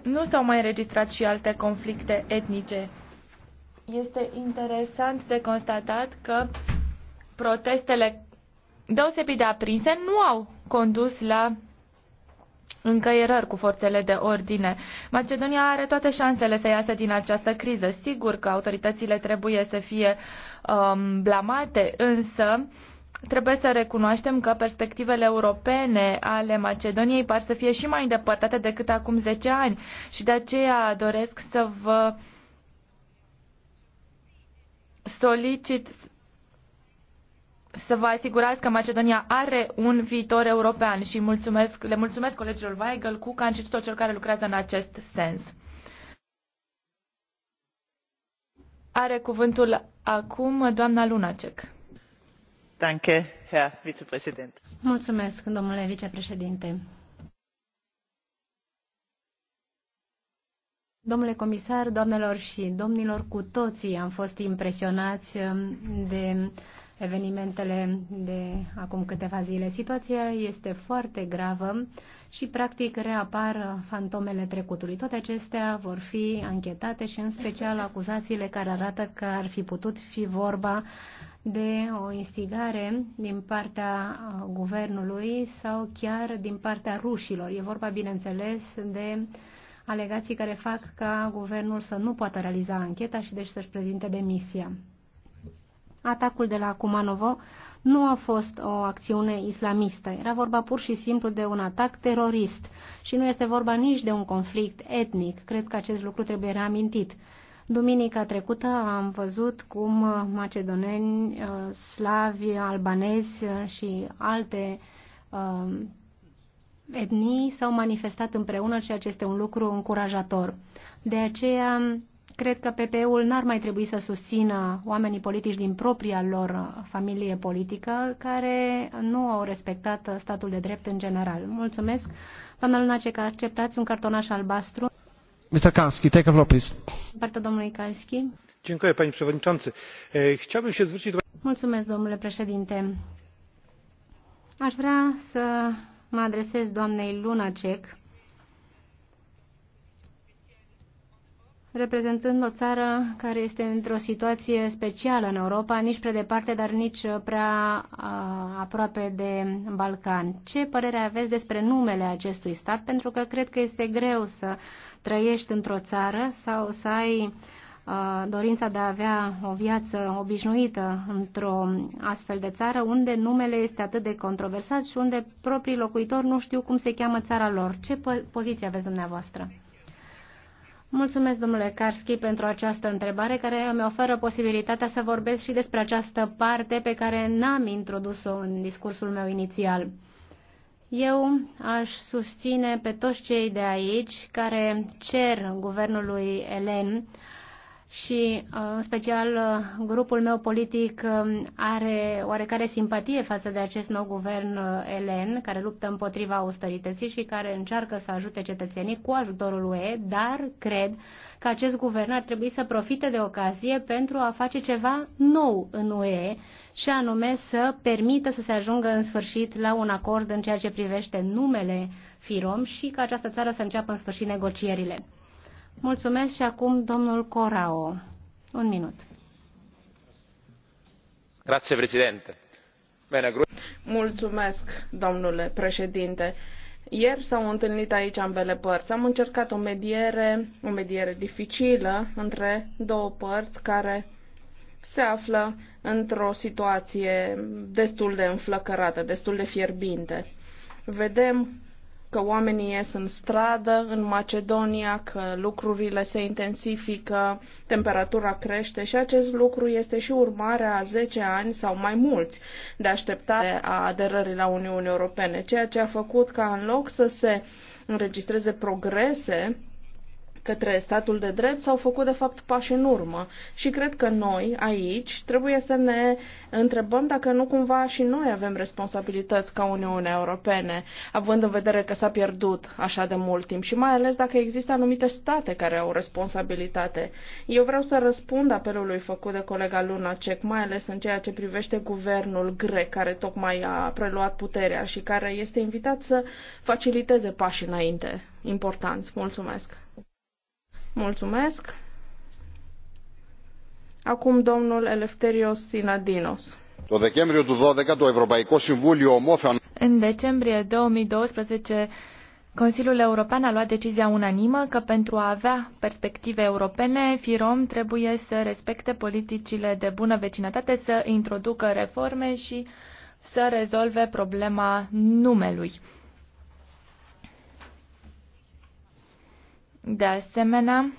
nu s-au mai înregistrat și alte conflicte etnice. Este interesant de constatat că protestele deosebit de aprinse nu au condus la încăierări cu forțele de ordine. Macedonia are toate șansele să iasă din această criză. Sigur că autoritățile trebuie să fie um, blamate, însă Trebuie să recunoaștem că perspectivele europene ale Macedoniei par să fie și mai îndepărtate decât acum 10 ani și de aceea doresc să vă solicit să vă asigurați că Macedonia are un viitor european și mulțumesc, le mulțumesc colegilor Weigel, Cucan și tuturor celor care lucrează în acest sens. Are cuvântul acum doamna Lunacek. Mulțumesc, domnule vicepreședinte. Domnule comisar, doamnelor și domnilor, cu toții am fost impresionați um, de evenimentele de acum câteva zile. Situația este foarte gravă și, practic, reapar fantomele trecutului. Toate acestea vor fi anchetate și, în special, acuzațiile care arată că ar fi putut fi vorba de o instigare din partea uh, guvernului sau chiar din partea rușilor. E vorba, bineînțeles, de alegații care fac ca guvernul să nu poată realiza ancheta și deci să-și prezinte demisia. Atacul de la Kumanovo nu a fost o acțiune islamistă. Era vorba pur și simplu de un atac terorist și nu este vorba nici de un conflict etnic. Cred că acest lucru trebuie reamintit. Duminica trecută am văzut cum macedoneni, uh, slavi, albanezi uh, și alte uh, etnii s-au manifestat împreună, ceea ce este un lucru încurajator. De aceea, cred că pp ul n-ar mai trebui să susțină oamenii politici din propria lor familie politică care nu au respectat statul de drept în general. Mulțumesc. Doamna Lunacek, acceptați un cartonaș albastru domnului panie przewodniczący. Chciałbym się zwrócić do... Mulțumesc, domnule președinte. Aș vrea să mă adresez doamnei Lunacek, reprezentând o țară care este într-o situație specială în Europa, nici prea departe, dar nici prea aproape de Balcan. Ce părere aveți despre numele acestui stat? Pentru că cred că este greu să trăiești într-o țară sau să ai uh, dorința de a avea o viață obișnuită într-o astfel de țară unde numele este atât de controversat și unde proprii locuitori nu știu cum se cheamă țara lor. Ce poziție aveți dumneavoastră? Mulțumesc, domnule Karski, pentru această întrebare care îmi oferă posibilitatea să vorbesc și despre această parte pe care n-am introdus-o în discursul meu inițial. Eu aș susține pe toți cei de aici care cer guvernului elen și uh, în special uh, grupul meu politic um, are oarecare simpatie față de acest nou guvern uh, elen care luptă împotriva austerității și care încearcă să ajute cetățenii cu ajutorul UE, dar cred că acest guvern ar trebui să profite de ocazie pentru a face ceva nou în UE și anume să permită să se ajungă în sfârșit la un acord în ceea ce privește numele FIROM și ca această țară să înceapă în sfârșit negocierile. Mulțumesc și acum domnul Corao. Un minut. Grazie, președinte. Mulțumesc, domnule președinte. Ieri s-au întâlnit aici ambele părți. Am încercat o mediere, o mediere dificilă între două părți care se află într-o situație destul de înflăcărată, destul de fierbinte. Vedem că oamenii ies în stradă în Macedonia, că lucrurile se intensifică, temperatura crește și acest lucru este și urmarea a 10 ani sau mai mulți de așteptare a aderării la Uniunea Europene, ceea ce a făcut ca în loc să se înregistreze progrese către statul de drept s-au făcut de fapt pași în urmă și cred că noi aici trebuie să ne întrebăm dacă nu cumva și noi avem responsabilități ca Uniunea Europene, având în vedere că s-a pierdut așa de mult timp și mai ales dacă există anumite state care au responsabilitate. Eu vreau să răspund apelului făcut de colega Luna Cec, mai ales în ceea ce privește guvernul grec care tocmai a preluat puterea și care este invitat să faciliteze pași înainte Important. Mulțumesc! Mulțumesc. Acum domnul Elefterios Sinadinos. În decembrie 2012 Consiliul European a luat decizia unanimă că pentru a avea perspective europene, FIROM trebuie să respecte politicile de bună vecinătate, să introducă reforme și să rezolve problema numelui. De asemenea,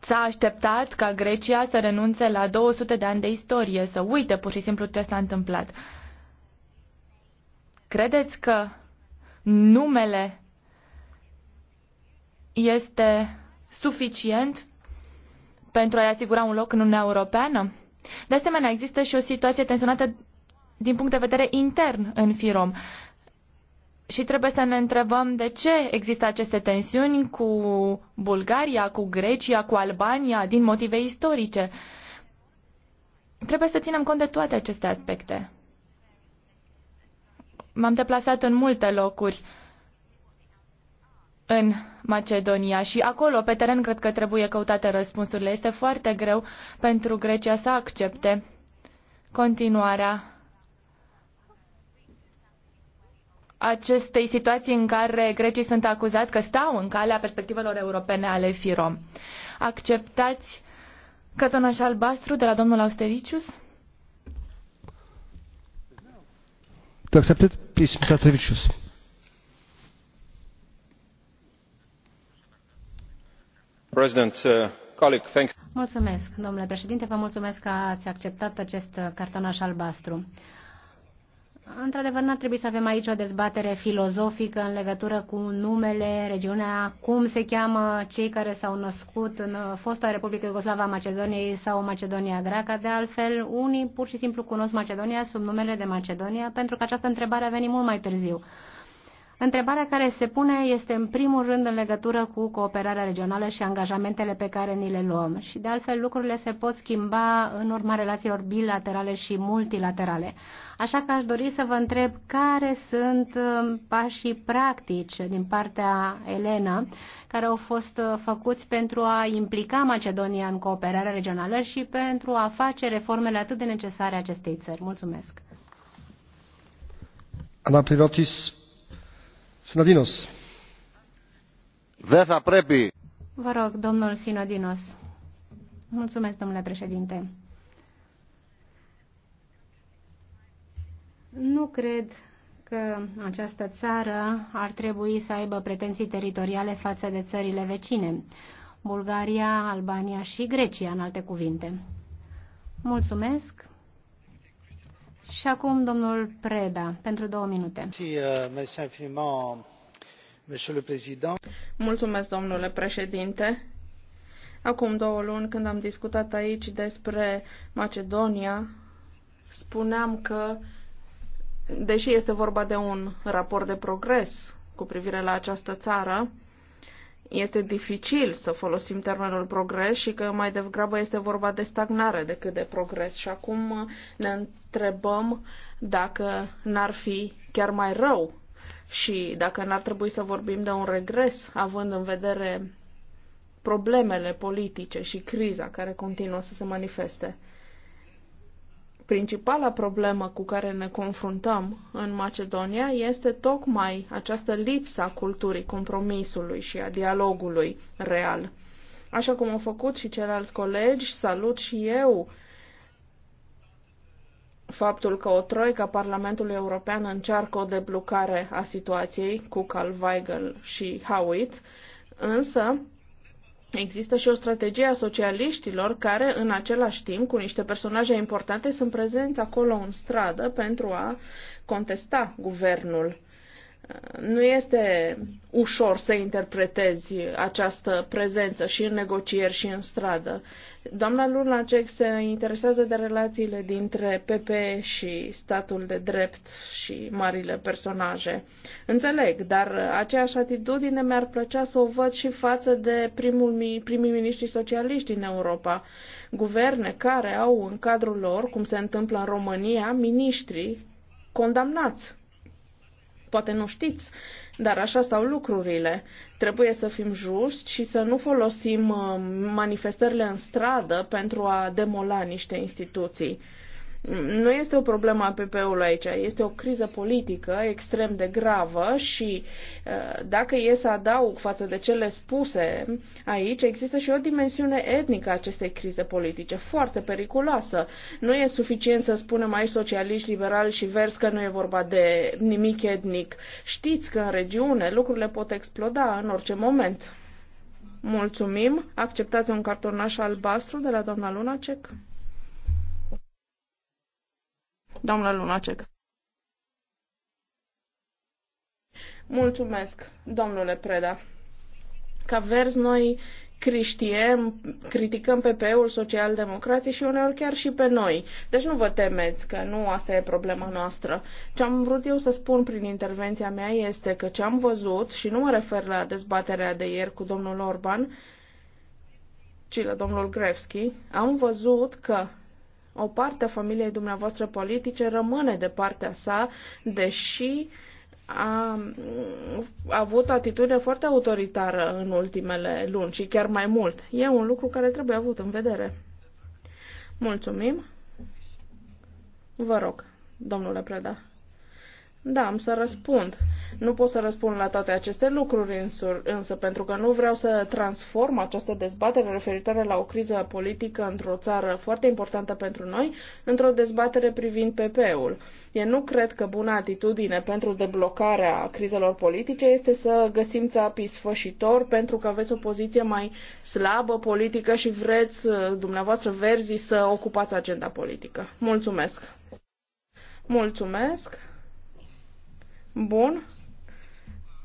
s-a așteptat ca Grecia să renunțe la 200 de ani de istorie, să uite pur și simplu ce s-a întâmplat. Credeți că numele este suficient pentru a-i asigura un loc în Uniunea Europeană? De asemenea, există și o situație tensionată din punct de vedere intern în FIROM și trebuie să ne întrebăm de ce există aceste tensiuni cu Bulgaria, cu Grecia, cu Albania, din motive istorice. Trebuie să ținem cont de toate aceste aspecte. M-am deplasat în multe locuri în Macedonia și acolo, pe teren, cred că trebuie căutate răspunsurile. Este foarte greu pentru Grecia să accepte continuarea acestei situații în care grecii sunt acuzați că stau în calea perspectivelor europene ale FIROM. Acceptați cătonaș albastru de la domnul Austericius? To please, Mr. Austericius. President, uh, colleague, thank you. Mulțumesc, domnule președinte, vă mulțumesc că ați acceptat acest cartonaș albastru. Uh, Într-adevăr, n-ar trebui să avem aici o dezbatere filozofică în legătură cu numele, regiunea, cum se cheamă cei care s-au născut în fosta Republică Iugoslava Macedoniei sau Macedonia Greacă. De altfel, unii pur și simplu cunosc Macedonia sub numele de Macedonia, pentru că această întrebare a venit mult mai târziu. Întrebarea care se pune este în primul rând în legătură cu cooperarea regională și angajamentele pe care ni le luăm. Și de altfel lucrurile se pot schimba în urma relațiilor bilaterale și multilaterale. Așa că aș dori să vă întreb care sunt um, pașii practici din partea Elena care au fost uh, făcuți pentru a implica Macedonia în cooperarea regională și pentru a face reformele atât de necesare acestei țări. Mulțumesc. Ana Pirotis, Sinadinos. Δεν θα πρέπει. Vă rog, domnul Sinadinos. Mulțumesc, domnule președinte. Nu cred că această țară ar trebui să aibă pretenții teritoriale față de țările vecine, Bulgaria, Albania și Grecia, în alte cuvinte. Mulțumesc! Și acum domnul Preda, pentru două minute. Euh, Mulțumesc, domnule președinte. Acum două luni, când am discutat aici despre Macedonia, spuneam că, deși este vorba de un raport de progres cu privire la această țară, este dificil să folosim termenul progres și că mai degrabă este vorba de stagnare decât de progres. Și acum ne întrebăm dacă n-ar fi chiar mai rău și dacă n-ar trebui să vorbim de un regres, având în vedere problemele politice și criza care continuă să se manifeste. Principala problemă cu care ne confruntăm în Macedonia este tocmai această lipsă a culturii compromisului și a dialogului real. Așa cum au făcut și ceilalți colegi, salut și eu faptul că o troică a Parlamentului European încearcă o deblocare a situației cu Carl Weigel și Howitt, însă Există și o strategie a socialiștilor care, în același timp, cu niște personaje importante, sunt prezenți acolo în stradă pentru a contesta guvernul nu este ușor să interpretezi această prezență și în negocieri și în stradă. Doamna Lunacek se interesează de relațiile dintre PP și statul de drept și marile personaje. Înțeleg, dar aceeași atitudine mi-ar plăcea să o văd și față de primul, primii miniștri socialiști din Europa. Guverne care au în cadrul lor, cum se întâmplă în România, miniștri condamnați Poate nu știți, dar așa stau lucrurile. Trebuie să fim justi și să nu folosim uh, manifestările în stradă pentru a demola niște instituții. Nu este o problemă a PP-ului aici, este o criză politică extrem de gravă și uh, dacă e să adaug față de cele spuse aici, există și o dimensiune etnică a acestei crize politice, foarte periculoasă. Nu e suficient să spunem aici socialiști, liberali și vers că nu e vorba de nimic etnic. Știți că în regiune lucrurile pot exploda în orice moment. Mulțumim. Acceptați un cartonaș albastru de la doamna Lunacek? Doamna Lunacek. Mulțumesc, domnule Preda. Ca verzi, noi creștiem, criticăm PP-ul, socialdemocrații și uneori chiar și pe noi. Deci nu vă temeți că nu asta e problema noastră. Ce am vrut eu să spun prin intervenția mea este că ce am văzut, și nu mă refer la dezbaterea de ieri cu domnul Orban, ci la domnul Grevski, am văzut că o parte a familiei dumneavoastră politice rămâne de partea sa, deși a, a avut o atitudine foarte autoritară în ultimele luni și chiar mai mult. E un lucru care trebuie avut în vedere. Mulțumim. Vă rog, domnule Preda. Da, am să răspund. Nu pot să răspund la toate aceste lucruri însur, însă, pentru că nu vreau să transform această dezbatere referitoare la o criză politică într-o țară foarte importantă pentru noi într-o dezbatere privind PP-ul. Eu nu cred că buna atitudine pentru deblocarea crizelor politice este să găsim țapi sfășitor pentru că aveți o poziție mai slabă politică și vreți, uh, dumneavoastră, verzi să ocupați agenda politică. Mulțumesc! Mulțumesc! Bun.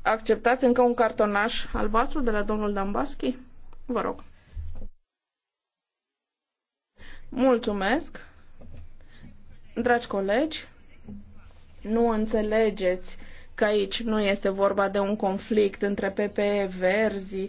Acceptați încă un cartonaș albastru de la domnul Dambaschi? Vă rog. Mulțumesc. Dragi colegi, nu înțelegeți că aici nu este vorba de un conflict între PPE, Verzi,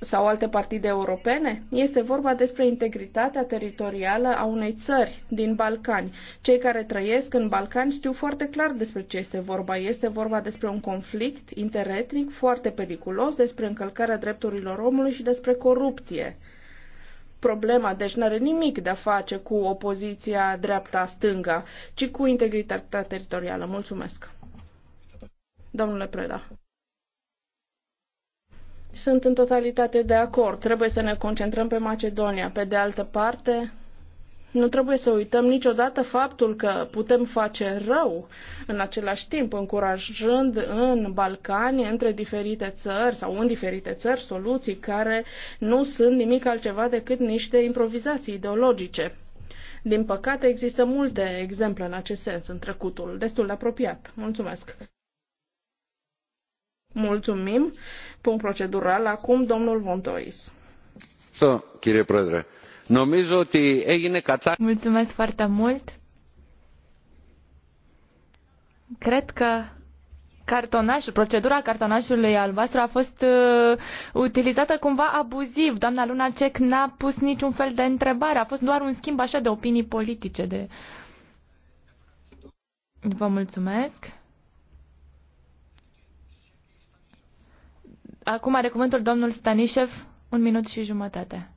sau alte partide europene? Este vorba despre integritatea teritorială a unei țări din Balcani. Cei care trăiesc în Balcani știu foarte clar despre ce este vorba. Este vorba despre un conflict interetnic foarte periculos, despre încălcarea drepturilor omului și despre corupție. Problema deci nu are nimic de a face cu opoziția dreapta-stânga, ci cu integritatea teritorială. Mulțumesc. Domnule Preda. Sunt în totalitate de acord. Trebuie să ne concentrăm pe Macedonia. Pe de altă parte, nu trebuie să uităm niciodată faptul că putem face rău în același timp, încurajând în Balcani, între diferite țări sau în diferite țări, soluții care nu sunt nimic altceva decât niște improvizații ideologice. Din păcate, există multe exemple în acest sens în trecutul destul de apropiat. Mulțumesc! Mulțumim! punct procedural. Acum domnul Vontois. Mulțumesc foarte mult. Cred că cartonașul, procedura cartonașului al albastru a fost uh, utilizată cumva abuziv. Doamna Luna Cec n-a pus niciun fel de întrebare, a fost doar un schimb așa de opinii politice. De... Vă mulțumesc. Acum are cuvântul domnul Stanișev, un minut și jumătate.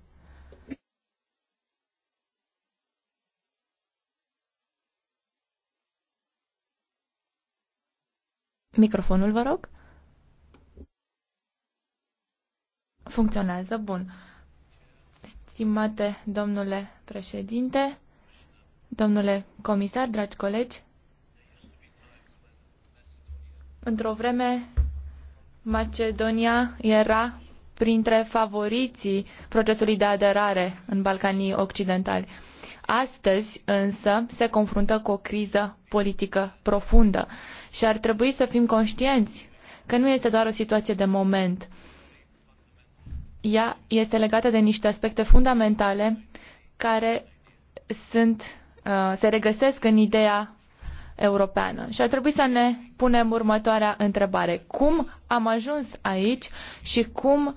Microfonul, vă rog. Funcționează, bun. Stimate domnule președinte, domnule comisar, dragi colegi, într-o vreme Macedonia era printre favoriții procesului de aderare în Balcanii Occidentali. Astăzi, însă, se confruntă cu o criză politică profundă și ar trebui să fim conștienți că nu este doar o situație de moment. Ea este legată de niște aspecte fundamentale care sunt, uh, se regăsesc în ideea europeană. Și ar trebui să ne punem următoarea întrebare. Cum am ajuns aici și cum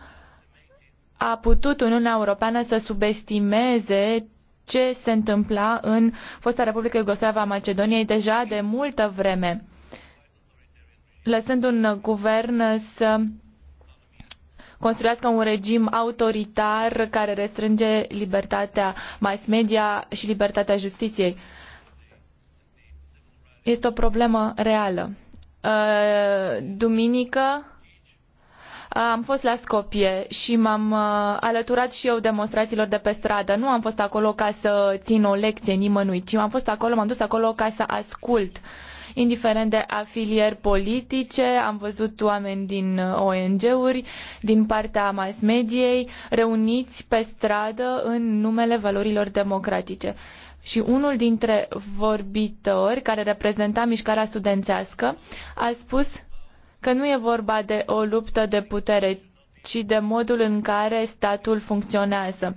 a putut Uniunea Europeană să subestimeze ce se întâmpla în fosta Republică Iugoslavă a Macedoniei deja de multă vreme, lăsând un guvern să construiască un regim autoritar care restrânge libertatea mass media și libertatea justiției. Este o problemă reală. Uh, duminică uh, am fost la Scopie și m-am uh, alăturat și eu demonstrațiilor de pe stradă. Nu am fost acolo ca să țin o lecție nimănui, ci am fost acolo, m-am dus acolo ca să ascult. Indiferent de afilieri politice, am văzut oameni din ONG-uri, din partea mass mediei, reuniți pe stradă în numele valorilor democratice și unul dintre vorbitori care reprezenta mișcarea studențească a spus că nu e vorba de o luptă de putere, ci de modul în care statul funcționează.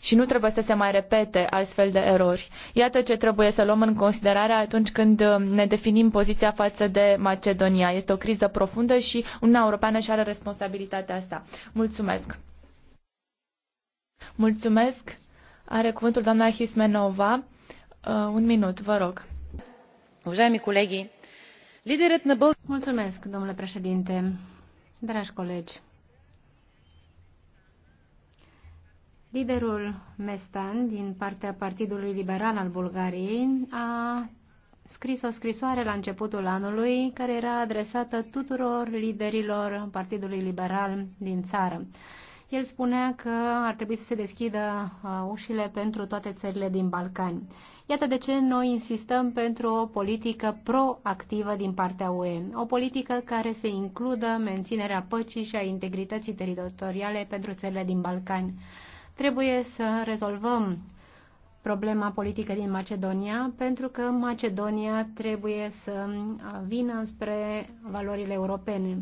Și nu trebuie să se mai repete astfel de erori. Iată ce trebuie să luăm în considerare atunci când um, ne definim poziția față de Macedonia. Este o criză profundă și Uniunea Europeană și are responsabilitatea asta. Mulțumesc! Mulțumesc! Are cuvântul doamna Hismenova. Uh, un minut, vă rog. Уважаеми колеги, лидерът на България... Mulțumesc, domnule președinte. Dragi colegi, liderul Mestan din partea Partidului Liberal al Bulgariei a scris o scrisoare la începutul anului care era adresată tuturor liderilor Partidului Liberal din țară. El spunea că ar trebui să se deschidă uh, ușile pentru toate țările din Balcani. Iată de ce noi insistăm pentru o politică proactivă din partea UE, o politică care să includă menținerea păcii și a integrității teritoriale pentru țările din Balcani. Trebuie să rezolvăm problema politică din Macedonia, pentru că Macedonia trebuie să uh, vină spre valorile europene.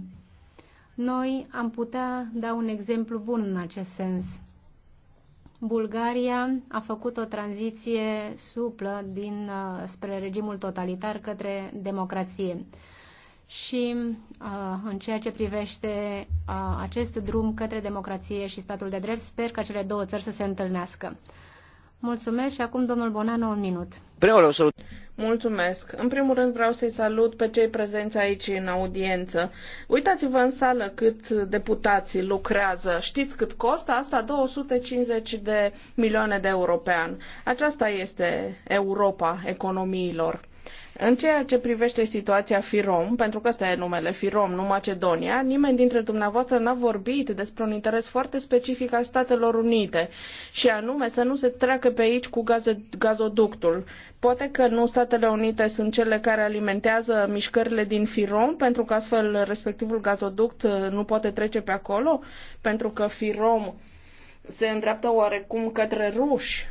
Noi am putea da un exemplu bun în acest sens. Bulgaria a făcut o tranziție suplă din, uh, spre regimul totalitar către democrație. Și uh, în ceea ce privește uh, acest drum către democrație și statul de drept, sper ca cele două țări să se întâlnească. Mulțumesc și acum domnul Bonan un minut. Primul salut. Mulțumesc. În primul rând vreau să-i salut pe cei prezenți aici în audiență. Uitați-vă în sală cât deputații lucrează. Știți cât costă asta? 250 de milioane de euro pe an. Aceasta este Europa economiilor. În ceea ce privește situația FIROM, pentru că ăsta e numele FIROM, nu Macedonia, nimeni dintre dumneavoastră n-a vorbit despre un interes foarte specific al Statelor Unite și anume să nu se treacă pe aici cu gaz- gazoductul. Poate că nu Statele Unite sunt cele care alimentează mișcările din FIROM, pentru că astfel respectivul gazoduct uh, nu poate trece pe acolo, pentru că FIROM se îndreaptă oarecum către ruși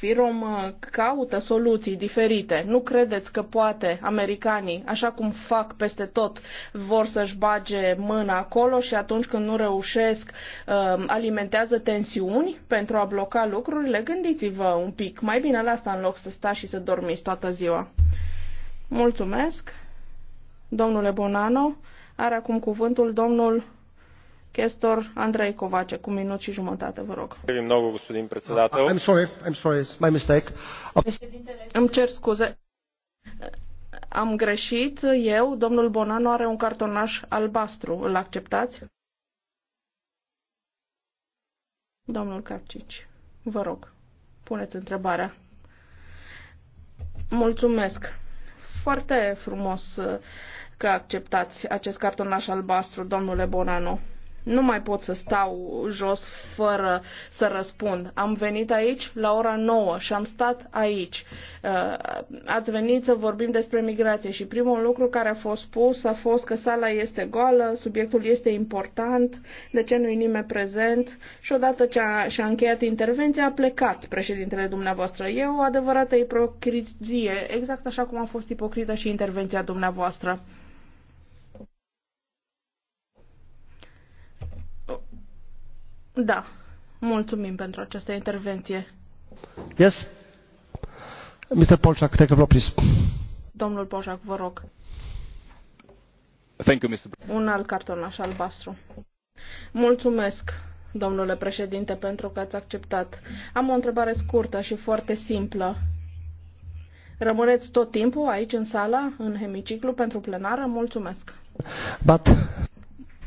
Firom uh, caută soluții diferite. Nu credeți că poate americanii, așa cum fac peste tot, vor să-și bage mâna acolo și atunci când nu reușesc, uh, alimentează tensiuni pentru a bloca lucrurile? Gândiți-vă un pic. Mai bine la asta în loc să stați și să dormiți toată ziua. Mulțumesc. Domnule Bonano, are acum cuvântul domnul Chestor Andrei Covace, cu minut și jumătate, vă rog. I'm sorry, I'm sorry, my mistake. Îmi cer scuze. Am greșit eu, domnul Bonanu are un cartonaș albastru, îl acceptați? Domnul Capcici, vă rog, puneți întrebarea. Mulțumesc. Foarte frumos că acceptați acest cartonaș albastru, domnule Bonanu. Nu mai pot să stau jos fără să răspund. Am venit aici la ora 9 și am stat aici. Uh, ați venit să vorbim despre migrație și primul lucru care a fost spus a fost că sala este goală, subiectul este important, de ce nu-i nimeni prezent și odată ce a, și-a încheiat intervenția a plecat președintele dumneavoastră. E o adevărată ipocrizie, exact așa cum a fost ipocrită și intervenția dumneavoastră. Da. Mulțumim pentru această intervenție. Yes. Mr. Polchak, take a floor, please. Domnul Polchak, vă rog. Thank you, Mr. Un alt carton, așa albastru. Mulțumesc, domnule președinte, pentru că ați acceptat. Am o întrebare scurtă și foarte simplă. Rămâneți tot timpul aici în sala, în hemiciclu, pentru plenară? Mulțumesc. But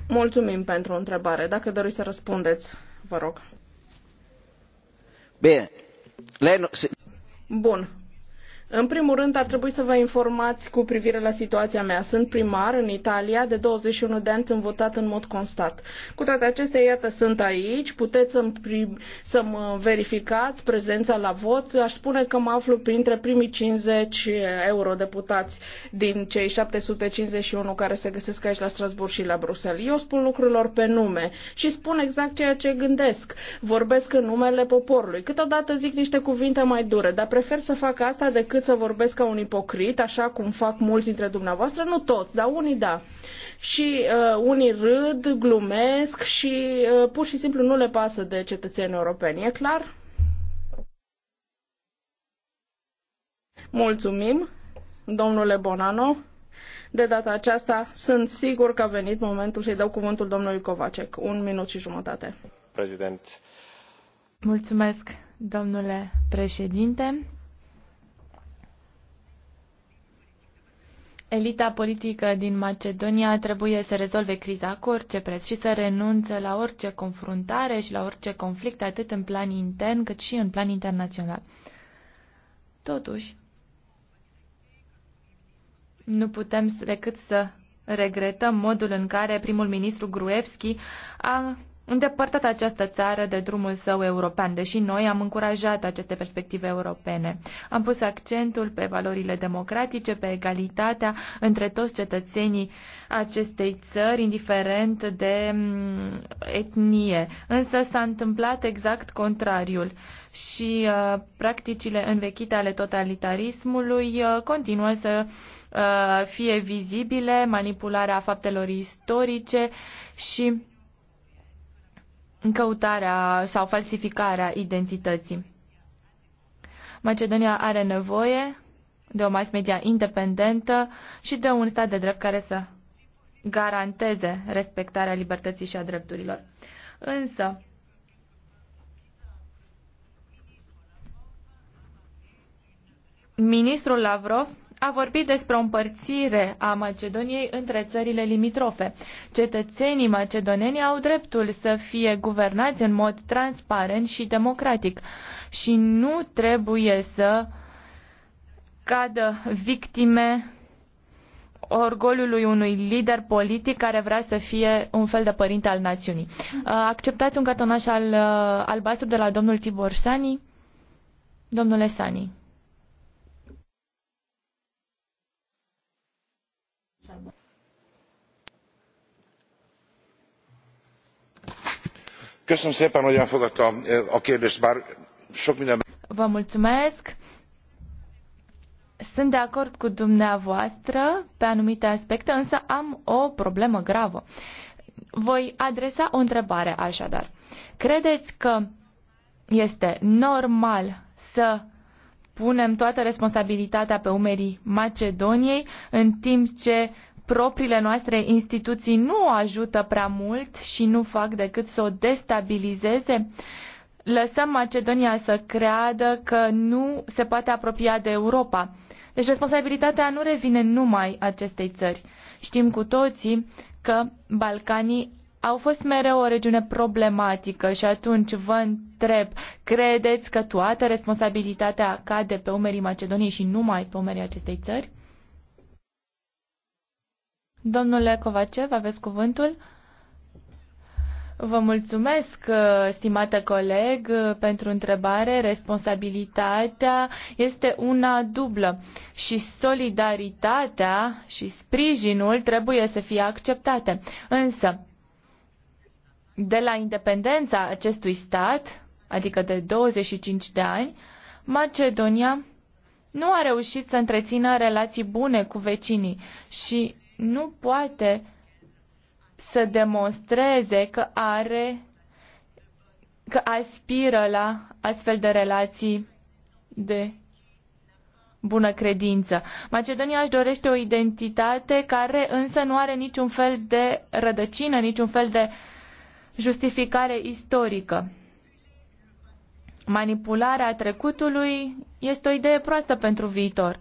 Mulțumim pentru întrebare. Dacă doriți să răspundeți, vă rog. Bine. Bun în primul rând, ar trebui să vă informați cu privire la situația mea. Sunt primar în Italia, de 21 de ani sunt votat în mod constat. Cu toate acestea, iată, sunt aici, puteți să-mi, prim, să-mi uh, verificați prezența la vot. Aș spune că mă aflu printre primii 50 uh, eurodeputați din cei 751 care se găsesc aici la Strasbourg și la Bruxelles. Eu spun lucrurilor pe nume și spun exact ceea ce gândesc. Vorbesc în numele poporului. Câteodată zic niște cuvinte mai dure, dar prefer să fac asta decât decât să vorbesc ca un ipocrit, așa cum fac mulți dintre dumneavoastră, nu toți, dar unii da. Și uh, unii râd, glumesc și uh, pur și simplu nu le pasă de cetățenii europeni. E clar? Mulțumim, domnule Bonano. De data aceasta sunt sigur că a venit momentul să-i dau cuvântul domnului Kovacek. Un minut și jumătate. Prezident. Mulțumesc, domnule președinte. Elita politică din Macedonia trebuie să rezolve criza cu orice preț și să renunțe la orice confruntare și la orice conflict, atât în plan intern cât și în plan internațional. Totuși, nu putem decât să regretăm modul în care primul ministru Gruevski a îndepărtat această țară de drumul său european, deși noi am încurajat aceste perspective europene. Am pus accentul pe valorile democratice, pe egalitatea între toți cetățenii acestei țări, indiferent de mm, etnie. Însă s-a întâmplat exact contrariul și uh, practicile învechite ale totalitarismului uh, continuă să uh, fie vizibile, manipularea faptelor istorice și căutarea sau falsificarea identității. Macedonia are nevoie de o mass media independentă și de un stat de drept care să garanteze respectarea libertății și a drepturilor. Însă, ministrul Lavrov a vorbit despre o împărțire a Macedoniei între țările limitrofe. Cetățenii macedoneni au dreptul să fie guvernați în mod transparent și democratic și nu trebuie să cadă victime orgolului unui lider politic care vrea să fie un fel de părinte al națiunii. Acceptați un catonaș al, albastru de la domnul Tibor Sani? Domnule Sani. Köszönöm szépen, hogy elfogadta a kérdést, bár sok mulțumesc. Sunt de acord cu dumneavoastră pe anumite aspecte, însă am o problemă gravă. Voi adresa o întrebare așadar. Credeți că este normal să punem toată responsabilitatea pe umerii Macedoniei în timp ce propriile noastre instituții nu ajută prea mult și nu fac decât să o destabilizeze, lăsăm Macedonia să creadă că nu se poate apropia de Europa. Deci responsabilitatea nu revine numai acestei țări. Știm cu toții că Balcanii au fost mereu o regiune problematică și atunci vă întreb, credeți că toată responsabilitatea cade pe umerii Macedoniei și numai pe umerii acestei țări? Domnule Covacev, aveți cuvântul? Vă mulțumesc, uh, stimată coleg, uh, pentru întrebare. Responsabilitatea este una dublă și solidaritatea și sprijinul trebuie să fie acceptate. Însă, de la independența acestui stat, adică de 25 de ani, Macedonia nu a reușit să întrețină relații bune cu vecinii și nu poate să demonstreze că are că aspiră la astfel de relații de bună credință. Macedonia își dorește o identitate care însă nu are niciun fel de rădăcină, niciun fel de justificare istorică. Manipularea trecutului este o idee proastă pentru viitor.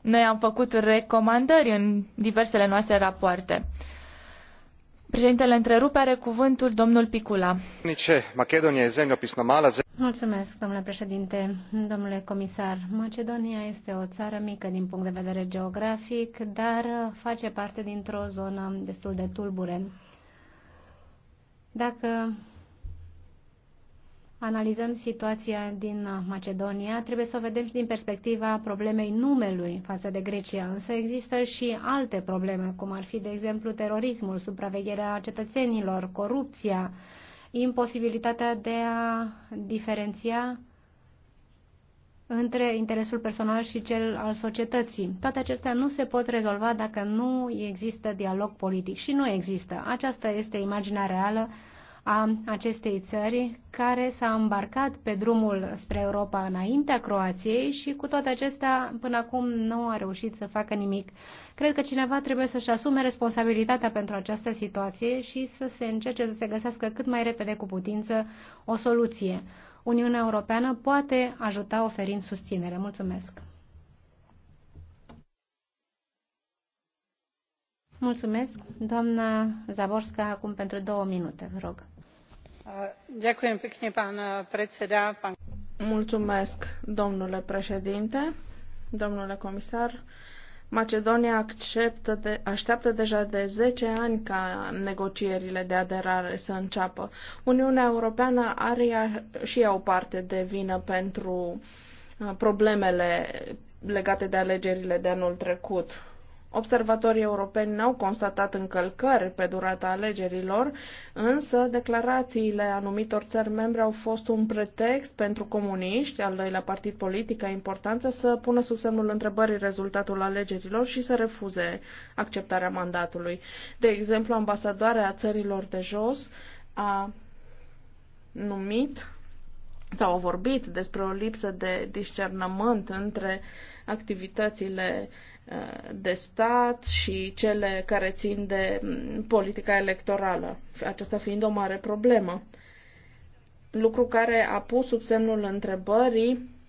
Noi am făcut recomandări în diversele noastre rapoarte. Președintele întrerupe are cuvântul domnul Picula. Macedonia Mulțumesc, domnule președinte, domnule comisar. Macedonia este o țară mică din punct de vedere geografic, dar face parte dintr-o zonă destul de tulbure. Dacă analizăm situația din Macedonia, trebuie să o vedem și din perspectiva problemei numelui față de Grecia, însă există și alte probleme, cum ar fi, de exemplu, terorismul, supravegherea cetățenilor, corupția, imposibilitatea de a diferenția între interesul personal și cel al societății. Toate acestea nu se pot rezolva dacă nu există dialog politic și nu există. Aceasta este imaginea reală a acestei țări care s-a îmbarcat pe drumul spre Europa înaintea Croației și cu toate acestea până acum nu a reușit să facă nimic. Cred că cineva trebuie să-și asume responsabilitatea pentru această situație și să se încerce să se găsească cât mai repede cu putință o soluție. Uniunea Europeană poate ajuta oferind susținere. Mulțumesc! Mulțumesc. Doamna Zaborska, acum pentru două minute, vă rog. Mulțumesc, domnule președinte, domnule comisar. Macedonia acceptă de, așteaptă deja de 10 ani ca negocierile de aderare să înceapă. Uniunea Europeană are și ea o parte de vină pentru uh, problemele legate de alegerile de anul trecut. Observatorii europeni n-au constatat încălcări pe durata alegerilor, însă declarațiile anumitor țări membre au fost un pretext pentru comuniști, al doilea partid politic, a importanță să pună sub semnul întrebării rezultatul alegerilor și să refuze acceptarea mandatului. De exemplu, ambasadoarea țărilor de jos a numit sau a vorbit despre o lipsă de discernământ între activitățile uh, de stat și cele care țin de politica electorală, aceasta fiind o mare problemă. Lucru care a pus sub semnul întrebării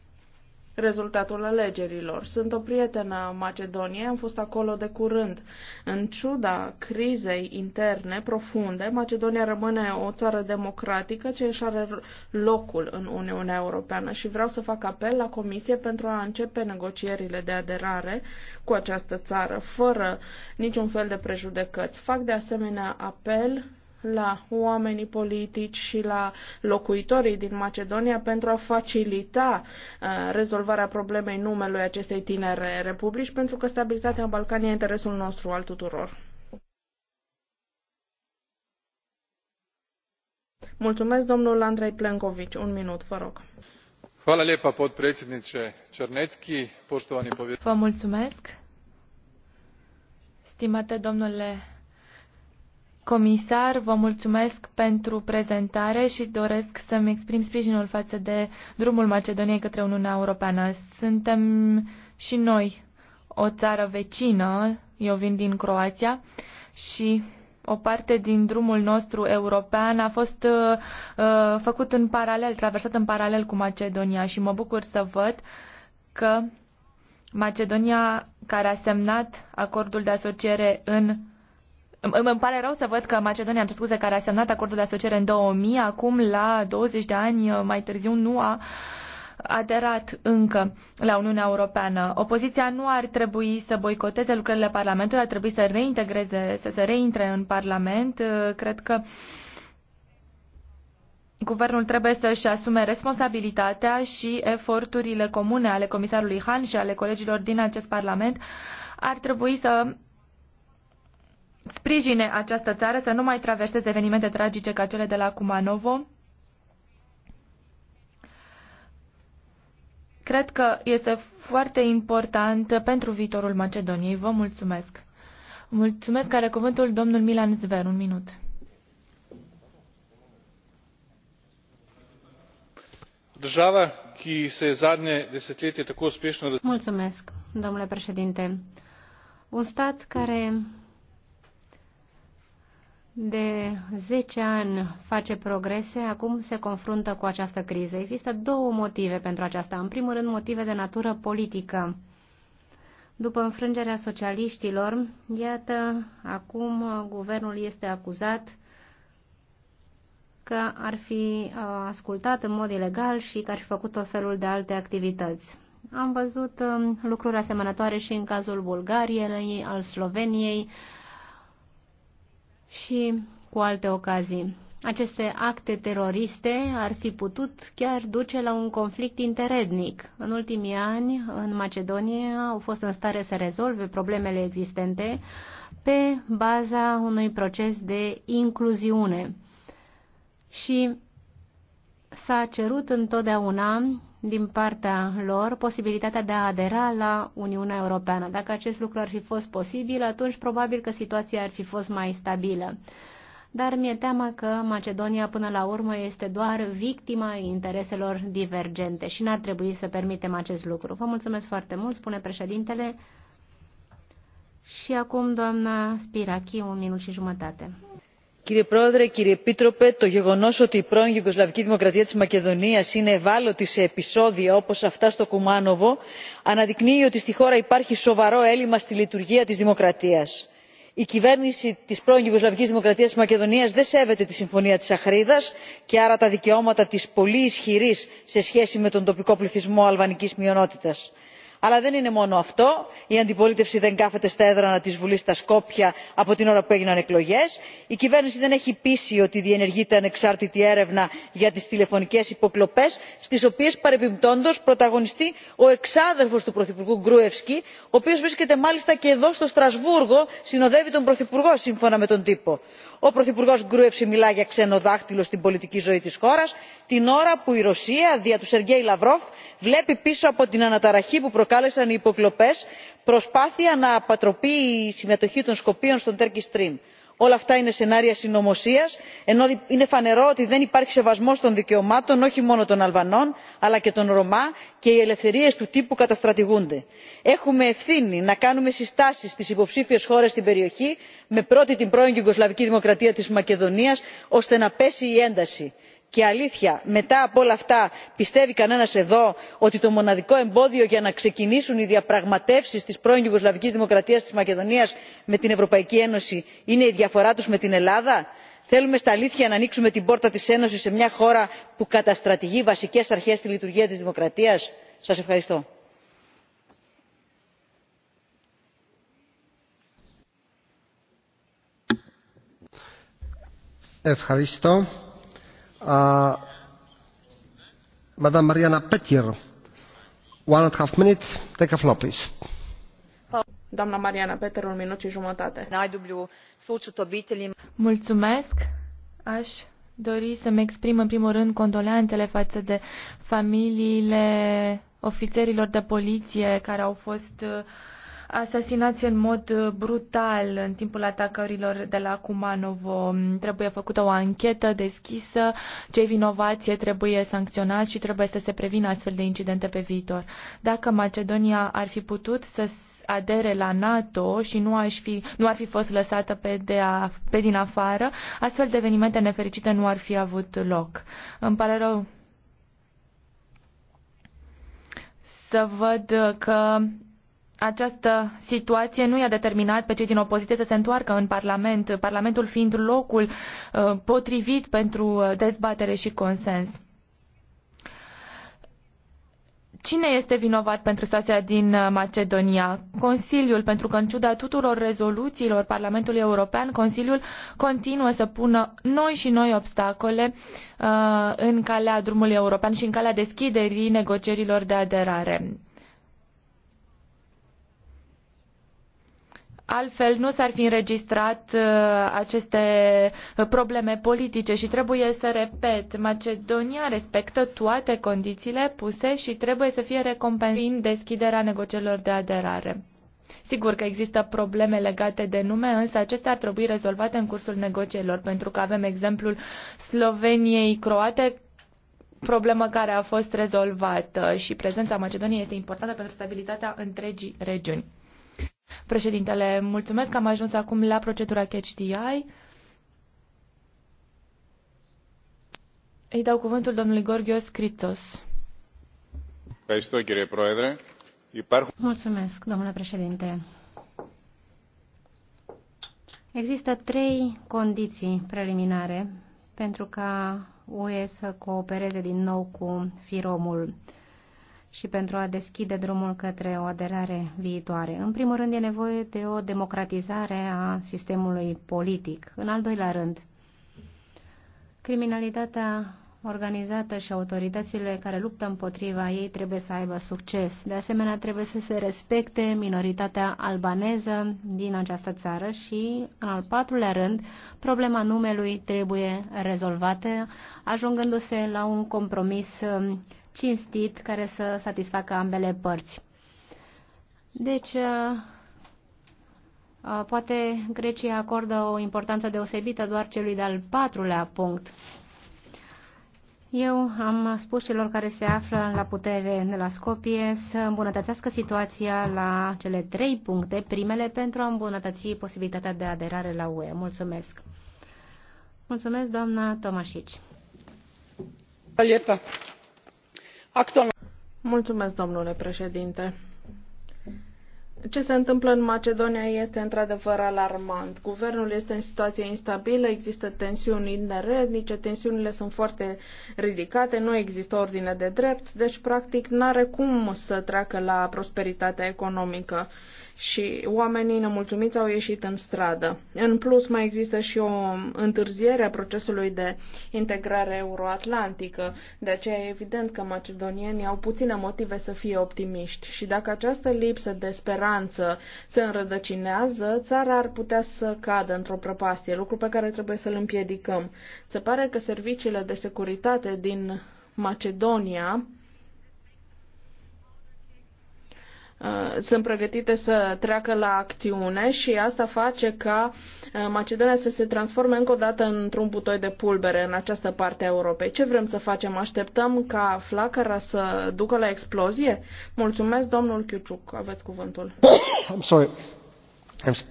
rezultatul alegerilor. Sunt o prietenă a Macedoniei, am fost acolo de curând. În ciuda crizei interne profunde, Macedonia rămâne o țară democratică ce își are locul în Uniunea Europeană și vreau să fac apel la Comisie pentru a începe negocierile de aderare cu această țară, fără niciun fel de prejudecăți. Fac de asemenea apel la oamenii politici și la locuitorii din Macedonia pentru a facilita uh, rezolvarea problemei numelui acestei tinere republici, pentru că stabilitatea în Balcani e interesul nostru al tuturor. Mulțumesc, domnul Andrei Plenković. Un minut, vă rog. Hvala Lepa potpredsjedniče Černecki, poštovani povjerenik. Vă mulțumesc, stimate domnule comisar, vă mulțumesc pentru prezentare și doresc să-mi exprim sprijinul față de drumul Macedoniei către Uniunea Europeană. Suntem și noi o țară vecină, eu vin din Croația și o parte din drumul nostru european a fost uh, uh făcut în paralel, traversat în paralel cu Macedonia și mă bucur să văd că Macedonia, care a semnat acordul de asociere în îmi pare rău să văd că Macedonia, am scuze, care a semnat acordul de asociere în 2000, acum la 20 de ani mai târziu nu a aderat încă la Uniunea Europeană. Opoziția nu ar trebui să boicoteze lucrările Parlamentului, ar trebui să reintegreze, să se reintre în Parlament. Cred că guvernul trebuie să-și asume responsabilitatea și eforturile comune ale comisarului Han și ale colegilor din acest Parlament ar trebui să sprijine această țară să nu mai traverseze evenimente tragice ca cele de la Cumanovo. Cred că este foarte important pentru viitorul Macedoniei. Vă mulțumesc. Mulțumesc. Care cuvântul domnul Milan Zver. Un minut. Država, ki se je zadnje desetletje tako uspešno... Mulțumesc, domnule președinte. Un stat care de 10 ani face progrese, acum se confruntă cu această criză. Există două motive pentru aceasta. În primul rând, motive de natură politică. După înfrângerea socialiștilor, iată, acum guvernul este acuzat că ar fi uh, ascultat în mod ilegal și că ar fi făcut o felul de alte activități. Am văzut um, lucruri asemănătoare și în cazul Bulgariei, al Sloveniei, și cu alte ocazii. Aceste acte teroriste ar fi putut chiar duce la un conflict interetnic. În ultimii ani, în Macedonia, au fost în stare să rezolve problemele existente pe baza unui proces de incluziune. Și s-a cerut întotdeauna din partea lor posibilitatea de a adera la Uniunea Europeană. Dacă acest lucru ar fi fost posibil, atunci probabil că situația ar fi fost mai stabilă. Dar mi-e teamă că Macedonia până la urmă este doar victima intereselor divergente și n-ar trebui să permitem acest lucru. Vă mulțumesc foarte mult, spune președintele. Și acum doamna Spirachi, un minut și jumătate κύριε πρόεδρε κύριε επίτροπε το γεγονό ότι η πρώην ιουγκοσλαβική δημοκρατία τη μακεδονία είναι ευάλωτη σε επεισόδια όπω αυτά στο κουμάνοβο αναδεικνύει ότι στη χώρα υπάρχει σοβαρό έλλειμμα στη λειτουργία τη δημοκρατία. η κυβέρνηση τη πρώην ιουγκοσλαβική δημοκρατία τη μακεδονία δεν σέβεται τη συμφωνία τη αχρίδα και άρα τα δικαιώματα τη πολύ ισχυρή σε σχέση με τον τοπικό πληθυσμό αλβανική μειονότητα αλλά δεν είναι μόνο αυτό η αντιπολίτευση δεν κάθεται στα έδρανα της βουλής στα σκόπια από την ώρα που έγιναν εκλογές η κυβέρνηση δεν έχει πείσει ότι διενεργείται ανεξάρτητη έρευνα για τις τηλεφωνικές υποκλοπές στις οποίες παρεμπιπτόντως πρωταγωνιστεί ο εξάδελφος του πρωθυπουργού γκρούevski ο οποίος βρίσκεται μάλιστα και εδώ στο στρασβούργο συνοδεύει τον πρωθυπουργό σύμφωνα με τον τύπο ο πρωθυπουργό γκρούεφ μιλά για ξένο δάχτυλο στην πολιτική ζωή της χώρα την ώρα που η ρωσία δια του σεργέη λαυρόφ βλέπει πίσω από την αναταραχή που προκάλεσαν οι υποκλοπές προσπάθεια να αποτραπεί η συμμετοχή των σκοπίων στον turkish stream όλα αυτά είναι σενάρια συνωμοσίας ενώ είναι φανερό ότι δεν υπάρχει σεβασμός των δικαιωμάτων όχι μόνο των αλβανών αλλά και των ρωμά και οι ελευθερίες του τύπου καταστρατηγούνται. έχουμε ευθύνη να κάνουμε συστάσεις στις υποψήφιες χώρες στην περιοχή με πρώτη την πρώην ιουγκοσλαβική δημοκρατία της μακεδονίας ώστε να πέσει η ένταση και αλήθεια μετά από όλα αυτά πιστεύει κανένας εδώ ότι το μοναδικό εμπόδιο για να ξεκινήσουν οι διαπραγματεύσεις της πρώην ιουγκοσλαβικής δημοκρατίας της μακεδονίας με την ευρωπαϊκή ένωση είναι η διαφορά τους με την ελλάδα; θέλουμε στα αλήθεια να ανοίξουμε την πόρτα της ένωσης σε μια χώρα που καταστρατηγεί βασικές αρχές στη λειτουργία της δημοκρατίας; σας ευχαριστώ. ευχαριστώ. Mariana Mariana un minut și jumătate. Aș dori să-mi exprim în primul rând condoleanțele față de familiile ofițerilor de poliție care au fost accident. Uh, asasinați în mod uh, brutal în timpul atacărilor de la Kumanovo. Trebuie făcută o anchetă deschisă, cei vinovați trebuie sancționați și trebuie să se prevină astfel de incidente pe viitor. Dacă Macedonia ar fi putut să adere la NATO și nu, aș fi, nu ar fi fost lăsată pe, de a, pe din afară, astfel de evenimente nefericite nu ar fi avut loc. Îmi pare rău să văd că această situație nu i-a determinat pe cei din opoziție să se întoarcă în Parlament, Parlamentul fiind locul uh, potrivit pentru uh, dezbatere și consens. Cine este vinovat pentru situația din uh, Macedonia? Consiliul, pentru că în ciuda tuturor rezoluțiilor Parlamentului European, Consiliul continuă să pună noi și noi obstacole în calea drumului european și în calea deschiderii negocierilor de aderare Altfel nu s-ar fi înregistrat uh, aceste probleme politice și trebuie să repet, Macedonia respectă toate condițiile puse și trebuie să fie recompensată prin deschiderea negocierilor de aderare. Sigur că există probleme legate de nume, însă acestea ar trebui rezolvate în cursul negocierilor, pentru că avem exemplul Sloveniei croate, problemă care a fost rezolvată și prezența Macedoniei este importantă pentru stabilitatea întregii regiuni. Președintele, mulțumesc că am ajuns acum la procedura Catch the Îi dau cuvântul domnului Gorgios Kritos. Mulțumesc, domnule președinte. Există trei condiții preliminare pentru ca UE să coopereze din nou cu Firomul și pentru a deschide drumul către o aderare viitoare. În primul rând, e nevoie de o democratizare a sistemului politic. În al doilea rând, criminalitatea organizată și autoritățile care luptă împotriva ei trebuie să aibă succes. De asemenea, trebuie să se respecte minoritatea albaneză din această țară și, în al patrulea rând, problema numelui trebuie rezolvată, ajungându-se la un compromis cinstit care să satisfacă ambele părți. Deci, uh, uh, poate Grecia acordă o importanță deosebită doar celui de-al patrulea punct. Eu am spus celor care se află la putere la Scopie să îmbunătățească situația la cele trei puncte, primele, pentru a îmbunătăți posibilitatea de aderare la UE. Mulțumesc. Mulțumesc, doamna Tomașici. Hvala Mulțumesc, domnule președinte. Ce se întâmplă în Macedonia este într-adevăr alarmant. Guvernul este în situație instabilă, există tensiuni interetnice, tensiunile sunt foarte ridicate, nu există ordine de drept, deci practic nu are cum să treacă la prosperitatea economică și oamenii nemulțumiți au ieșit în stradă. În plus, mai există și o întârziere a procesului de integrare euroatlantică, de aceea e evident că macedonienii au puține motive să fie optimiști și dacă această lipsă de speranță se înrădăcinează, țara ar putea să cadă într-o prăpastie, lucru pe care trebuie să-l împiedicăm. Se pare că serviciile de securitate din Macedonia Uh, sunt pregătite să treacă la acțiune și asta face ca uh, Macedonia să se transforme încă o dată într-un butoi de pulbere în această parte a Europei. Ce vrem să facem? Așteptăm ca flacăra să ducă la explozie? Mulțumesc, domnul Chiuciuc. Aveți cuvântul. I'm sorry. I'm...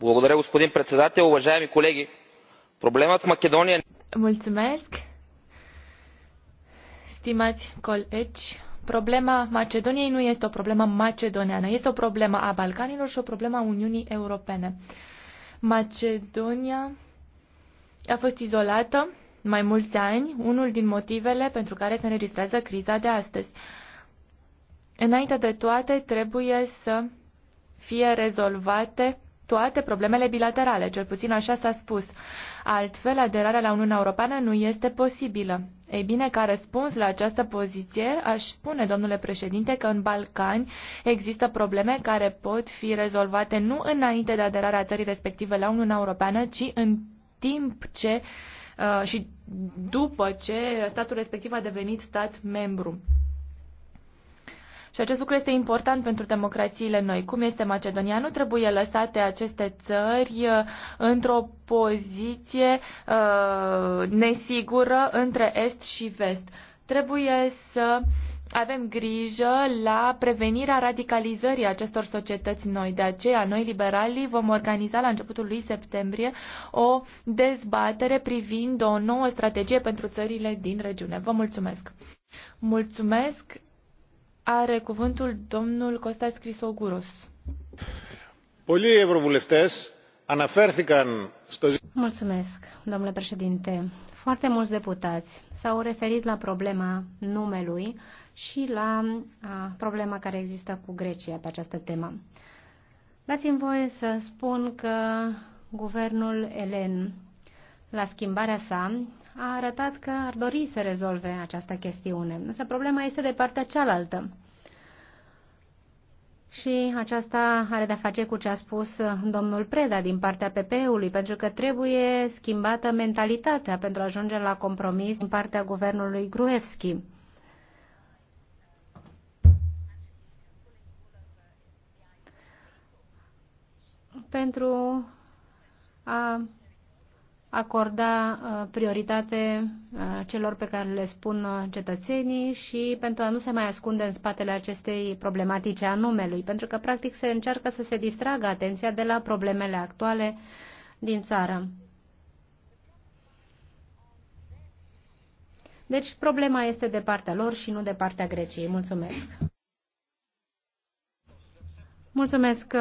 Благодаря, господин председател. Уважаеми колеги, проблемът в Македония... Mulțumesc. Stimați colegi, problema Macedoniei nu este o problemă macedoneană, este o problemă a Balcanilor și o problemă a Uniunii Europene. Macedonia a fost izolată mai mulți ani, unul din motivele pentru care se înregistrează criza de astăzi. Înainte de toate, trebuie să fie rezolvate toate problemele bilaterale, cel puțin așa s-a spus. Altfel, aderarea la Uniunea Europeană nu este posibilă. Ei bine, ca răspuns la această poziție, aș spune, domnule președinte, că în Balcani există probleme care pot fi rezolvate nu înainte de aderarea țării respective la Uniunea Europeană, ci în timp ce uh, și după ce statul respectiv a devenit stat membru. Și acest lucru este important pentru democrațiile noi. Cum este Macedonia? Nu trebuie lăsate aceste țări uh, într-o poziție uh, nesigură între est și vest. Trebuie să avem grijă la prevenirea radicalizării acestor societăți noi. De aceea, noi liberalii vom organiza la începutul lui septembrie o dezbatere privind o nouă strategie pentru țările din regiune. Vă mulțumesc! Mulțumesc! Are cuvântul domnul Costas Crisoguros. Πολλοί ευρωβουλευτές αναφέρθηκαν στο... Mulțumesc, domnule președinte. Foarte mulți deputați s-au referit la problema numelui și la a, problema care există cu Grecia pe această temă. Dați-mi voie să spun că guvernul Elen, la schimbarea sa, a arătat că ar dori să rezolve această chestiune. Însă problema este de partea cealaltă. Și aceasta are de-a face cu ce a spus domnul Preda din partea PP-ului, pentru că trebuie schimbată mentalitatea pentru a ajunge la compromis din partea guvernului Gruevski. Pentru a acorda uh, prioritate uh, celor pe care le spun uh, cetățenii și pentru a nu se mai ascunde în spatele acestei problematice a numelui, pentru că practic se încearcă să se distragă atenția de la problemele actuale din țară. Deci problema este de partea lor și nu de partea Greciei. Mulțumesc! Mulțumesc.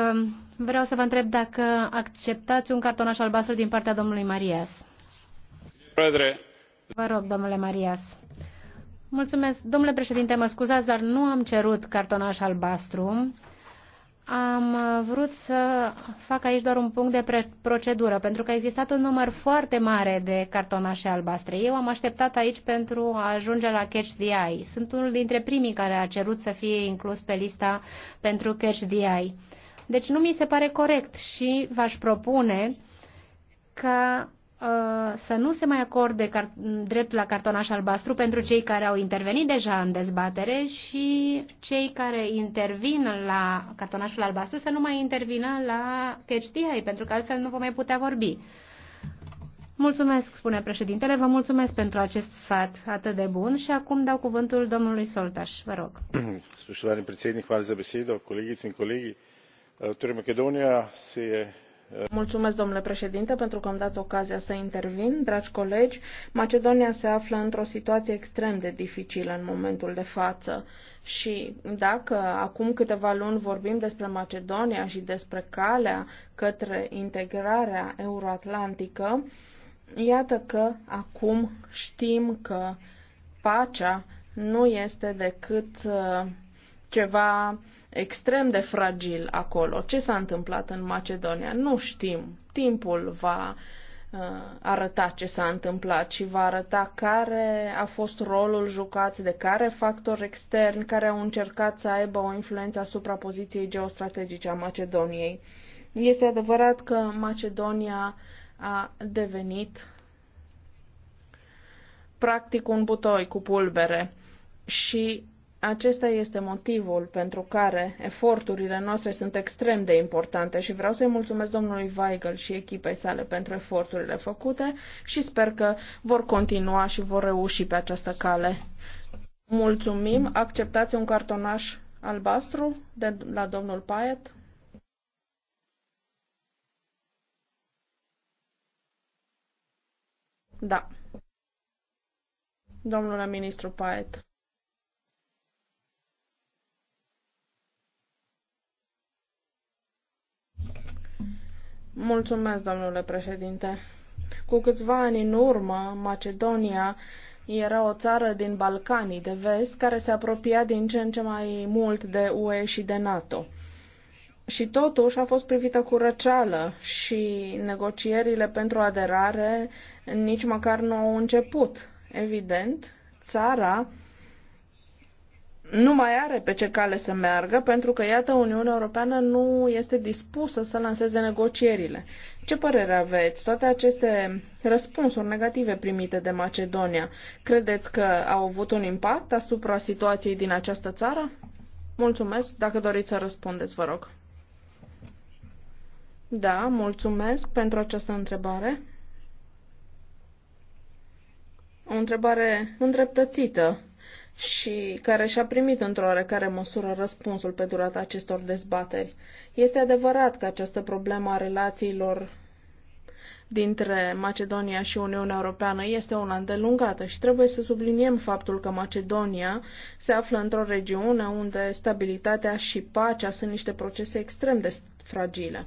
Vreau să vă întreb dacă acceptați un cartonaș albastru din partea domnului Marias. Vă rog, domnule Marias. Mulțumesc. Domnule președinte, mă scuzați, dar nu am cerut cartonaș albastru am uh, vrut să fac aici doar un punct de procedură, pentru că a existat un număr foarte mare de cartonașe albastre. Eu am așteptat aici pentru a ajunge la Catch the Eye. Sunt unul dintre primii care a cerut să fie inclus pe lista pentru Catch the Eye. Deci nu mi se pare corect și v-aș propune ca Uh, să nu se mai acorde dreptul la cartonaș albastru pentru cei care au intervenit deja în dezbatere și cei care intervin la cartonașul albastru să nu mai intervină la CHDI, pentru că altfel nu vom mai putea vorbi. Mulțumesc, spune președintele, vă mulțumesc pentru acest sfat atât de bun și acum dau cuvântul domnului Soltaș. Vă rog. doamne predsednik, hvala za besedo, colegii, in kolegi. Eh, torej se je Mulțumesc, domnule președinte, pentru că îmi dați ocazia să intervin. Dragi colegi, Macedonia se află într-o situație extrem de dificilă în momentul de față și dacă acum câteva luni vorbim despre Macedonia și despre calea către integrarea euroatlantică, iată că acum știm că pacea nu este decât uh, ceva extrem de fragil acolo. Ce s-a întâmplat în Macedonia? Nu știm. Timpul va uh, arăta ce s-a întâmplat și va arăta care a fost rolul jucat de care factori externi care au încercat să aibă o influență asupra poziției geostrategice a Macedoniei. Este adevărat că Macedonia a devenit practic un butoi cu pulbere și acesta este motivul pentru care eforturile noastre sunt extrem de importante și vreau să-i mulțumesc domnului Weigel și echipei sale pentru eforturile făcute și sper că vor continua și vor reuși pe această cale. Mulțumim. Acceptați un cartonaș albastru de la domnul Paet? Da. Domnule ministru Paet. Mulțumesc, domnule președinte. Cu câțiva ani în urmă, Macedonia era o țară din Balcanii de vest care se apropia din ce în ce mai mult de UE și de NATO. Și totuși a fost privită cu răceală și negocierile pentru aderare nici măcar nu au început. Evident, țara nu mai are pe ce cale să meargă, pentru că, iată, Uniunea Europeană nu este dispusă să lanseze negocierile. Ce părere aveți? Toate aceste răspunsuri negative primite de Macedonia, credeți că au avut un impact asupra situației din această țară? Mulțumesc. Dacă doriți să răspundeți, vă rog. Da, mulțumesc pentru această întrebare. O întrebare îndreptățită și care și-a primit într-o oarecare măsură răspunsul pe durata acestor dezbateri. Este adevărat că această problemă a relațiilor dintre Macedonia și Uniunea Europeană este una îndelungată și trebuie să subliniem faptul că Macedonia se află într-o regiune unde stabilitatea și pacea sunt niște procese extrem de fragile.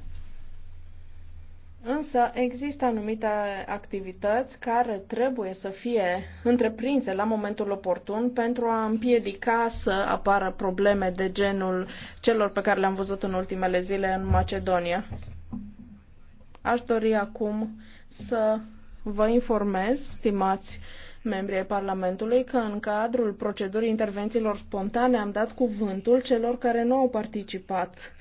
Însă există anumite activități care trebuie să fie întreprinse la momentul oportun pentru a împiedica să apară probleme de genul celor pe care le-am văzut în ultimele zile în Macedonia. Aș dori acum să vă informez, stimați membrii Parlamentului, că în cadrul procedurii intervențiilor spontane am dat cuvântul celor care nu au participat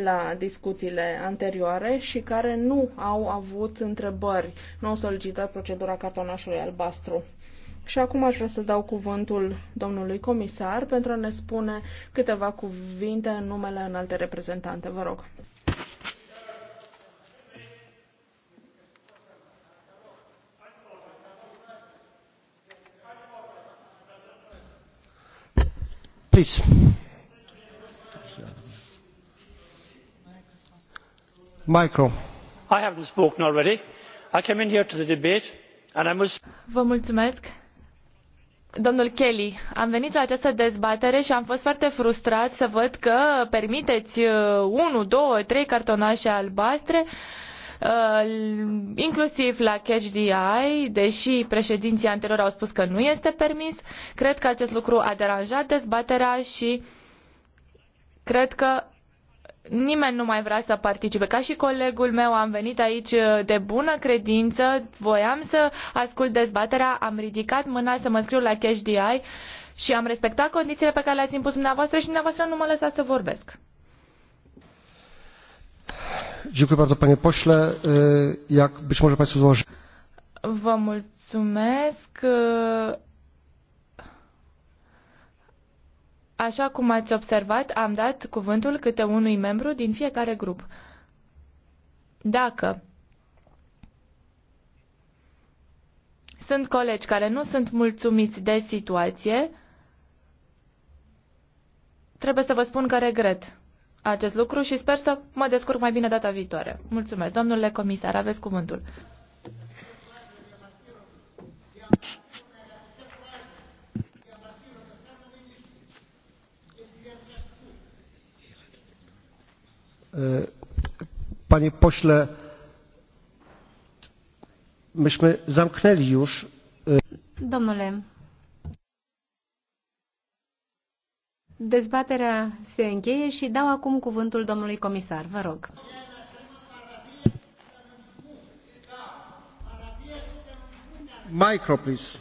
la discuțiile anterioare și care nu au avut întrebări, nu au solicitat procedura cartonașului albastru. Și acum aș vrea să dau cuvântul domnului comisar pentru a ne spune câteva cuvinte în numele în alte reprezentante. Vă rog. Please. i spoken already. i came in here to the debate and i must. Kelly, am venit la această dezbatere și am fost foarte frustrat să văd că permiteți uh, unu, două, trei cartonașe albastre, uh, inclusiv la Catch the Eye, deși președinții anterior au spus că nu este permis. Cred că acest lucru a deranjat dezbaterea și cred că nimeni nu mai vrea să participe. Ca și colegul meu am venit aici uh, de bună credință, voiam să ascult dezbaterea, am ridicat mâna să mă scriu la Cash DI și am respectat condițiile pe care le-ați impus dumneavoastră și dumneavoastră nu mă lăsați să vorbesc. Dziękuję bardzo, panie pośle. Jak być może państwo zauważyli... Vă mulțumesc. Așa cum ați observat, am dat cuvântul câte unui membru din fiecare grup. Dacă sunt colegi care nu sunt mulțumiți de situație, trebuie să vă spun că regret acest lucru și sper să mă descurc mai bine data viitoare. Mulțumesc. Domnule comisar, aveți cuvântul. Panie pośle, myśmy zamknęli już. Domnule, dezbaterea se încheie și dau acum cuvântul domnului comisar. Vă rog. Micro, please.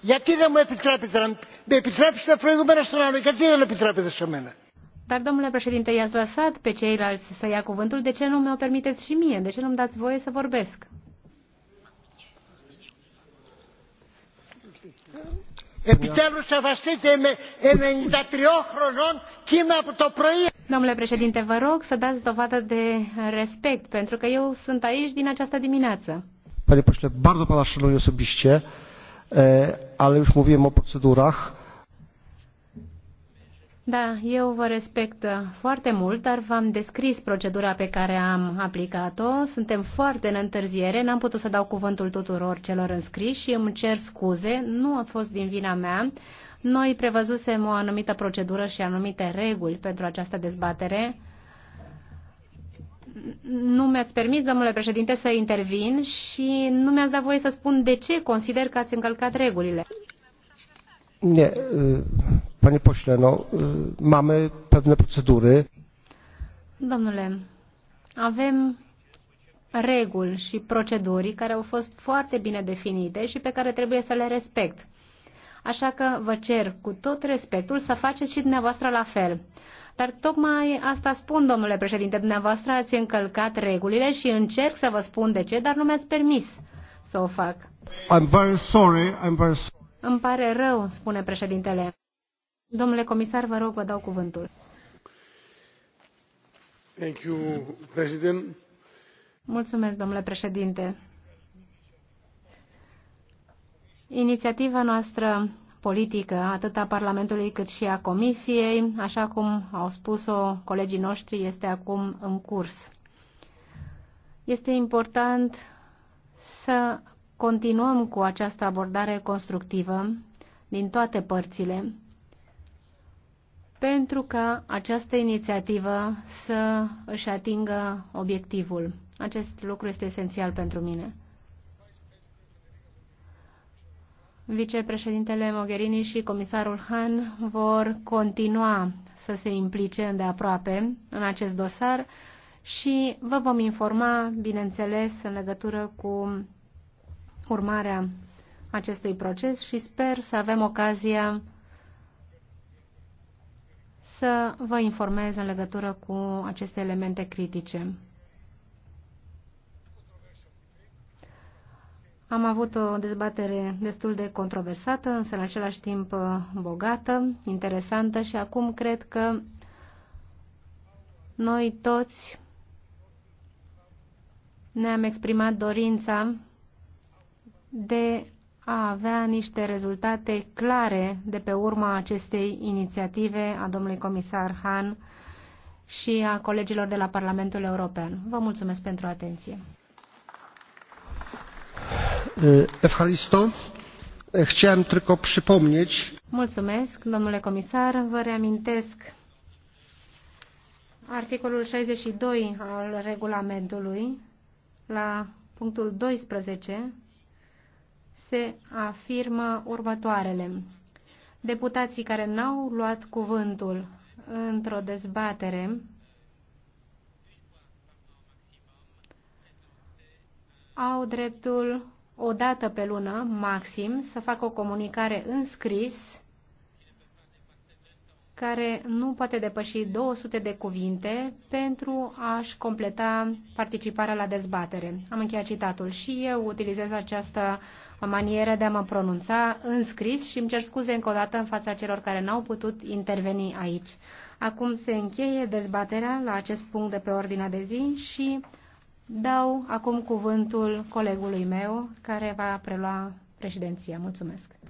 Γιατί δεν μου επιτρέπετε να με επιτρέψετε προηγούμενα στον άλλο, γιατί δεν επιτρέπετε σε μένα. Dar, domnule președinte, i-ați lăsat pe ceilalți să ia cuvântul. De ce nu mi-o permiteți și mie? De ce nu-mi dați voie să vorbesc? Domnule președinte, vă rog să dați dovadă de respect, pentru că eu sunt aici din această dimineață. Panie pośle, bardzo pana szanuję osobiście, ale już mówiłem o procedurach da, eu vă respect foarte mult, dar v-am descris procedura pe care am aplicat-o. Suntem foarte în întârziere, n-am putut să dau cuvântul tuturor celor înscriși și îmi cer scuze, nu a fost din vina mea. Noi prevăzusem o anumită procedură și anumite reguli pentru această dezbatere. Nu mi-ați permis, domnule președinte, să intervin și nu mi-ați dat voie să spun de ce consider că ați încălcat regulile. Panie pośle, no, mamy pewne procedury. Domnule, avem reguli și proceduri care au fost foarte bine definite și pe care trebuie să le respect. Așa că vă cer cu tot respectul să faceți și dumneavoastră la fel. Dar tocmai asta spun, domnule președinte, dumneavoastră ați încălcat regulile și încerc să vă spun de ce, dar nu mi-ați permis să o fac. I'm very sorry, I'm very sorry. Îmi pare rău, spune președintele. Domnule comisar, vă rog, vă dau cuvântul. Thank you, President. Mulțumesc, domnule președinte. Inițiativa noastră politică, atât a Parlamentului cât și a Comisiei, așa cum au spus-o colegii noștri, este acum în curs. Este important să continuăm cu această abordare constructivă din toate părțile pentru ca această inițiativă să își atingă obiectivul. Acest lucru este esențial pentru mine. Vicepreședintele Mogherini și comisarul Han vor continua să se implice îndeaproape în acest dosar și vă vom informa, bineînțeles, în legătură cu urmarea acestui proces și sper să avem ocazia să vă informez în legătură cu aceste elemente critice. Am avut o dezbatere destul de controversată, însă în același timp uh, bogată, interesantă și acum cred că noi toți ne-am exprimat dorința de a avea niște rezultate clare de pe urma acestei inițiative a domnului comisar Han și a colegilor de la Parlamentul European. Vă mulțumesc pentru atenție. Efharisto, chciałem tylko przypomnieć. Mulțumesc, domnule comisar. Vă reamintesc articolul 62 al regulamentului la punctul 12 se afirmă următoarele. Deputații care n-au luat cuvântul într-o dezbatere au dreptul o dată pe lună, maxim, să facă o comunicare în scris care nu poate depăși 200 de cuvinte pentru a-și completa participarea la dezbatere. Am încheiat citatul și eu utilizez această manieră de a mă pronunța în scris și îmi cer scuze încă o dată în fața celor care n-au putut interveni aici. Acum se încheie dezbaterea la acest punct de pe ordinea de zi și dau acum cuvântul colegului meu care va prelua președinția. Mulțumesc!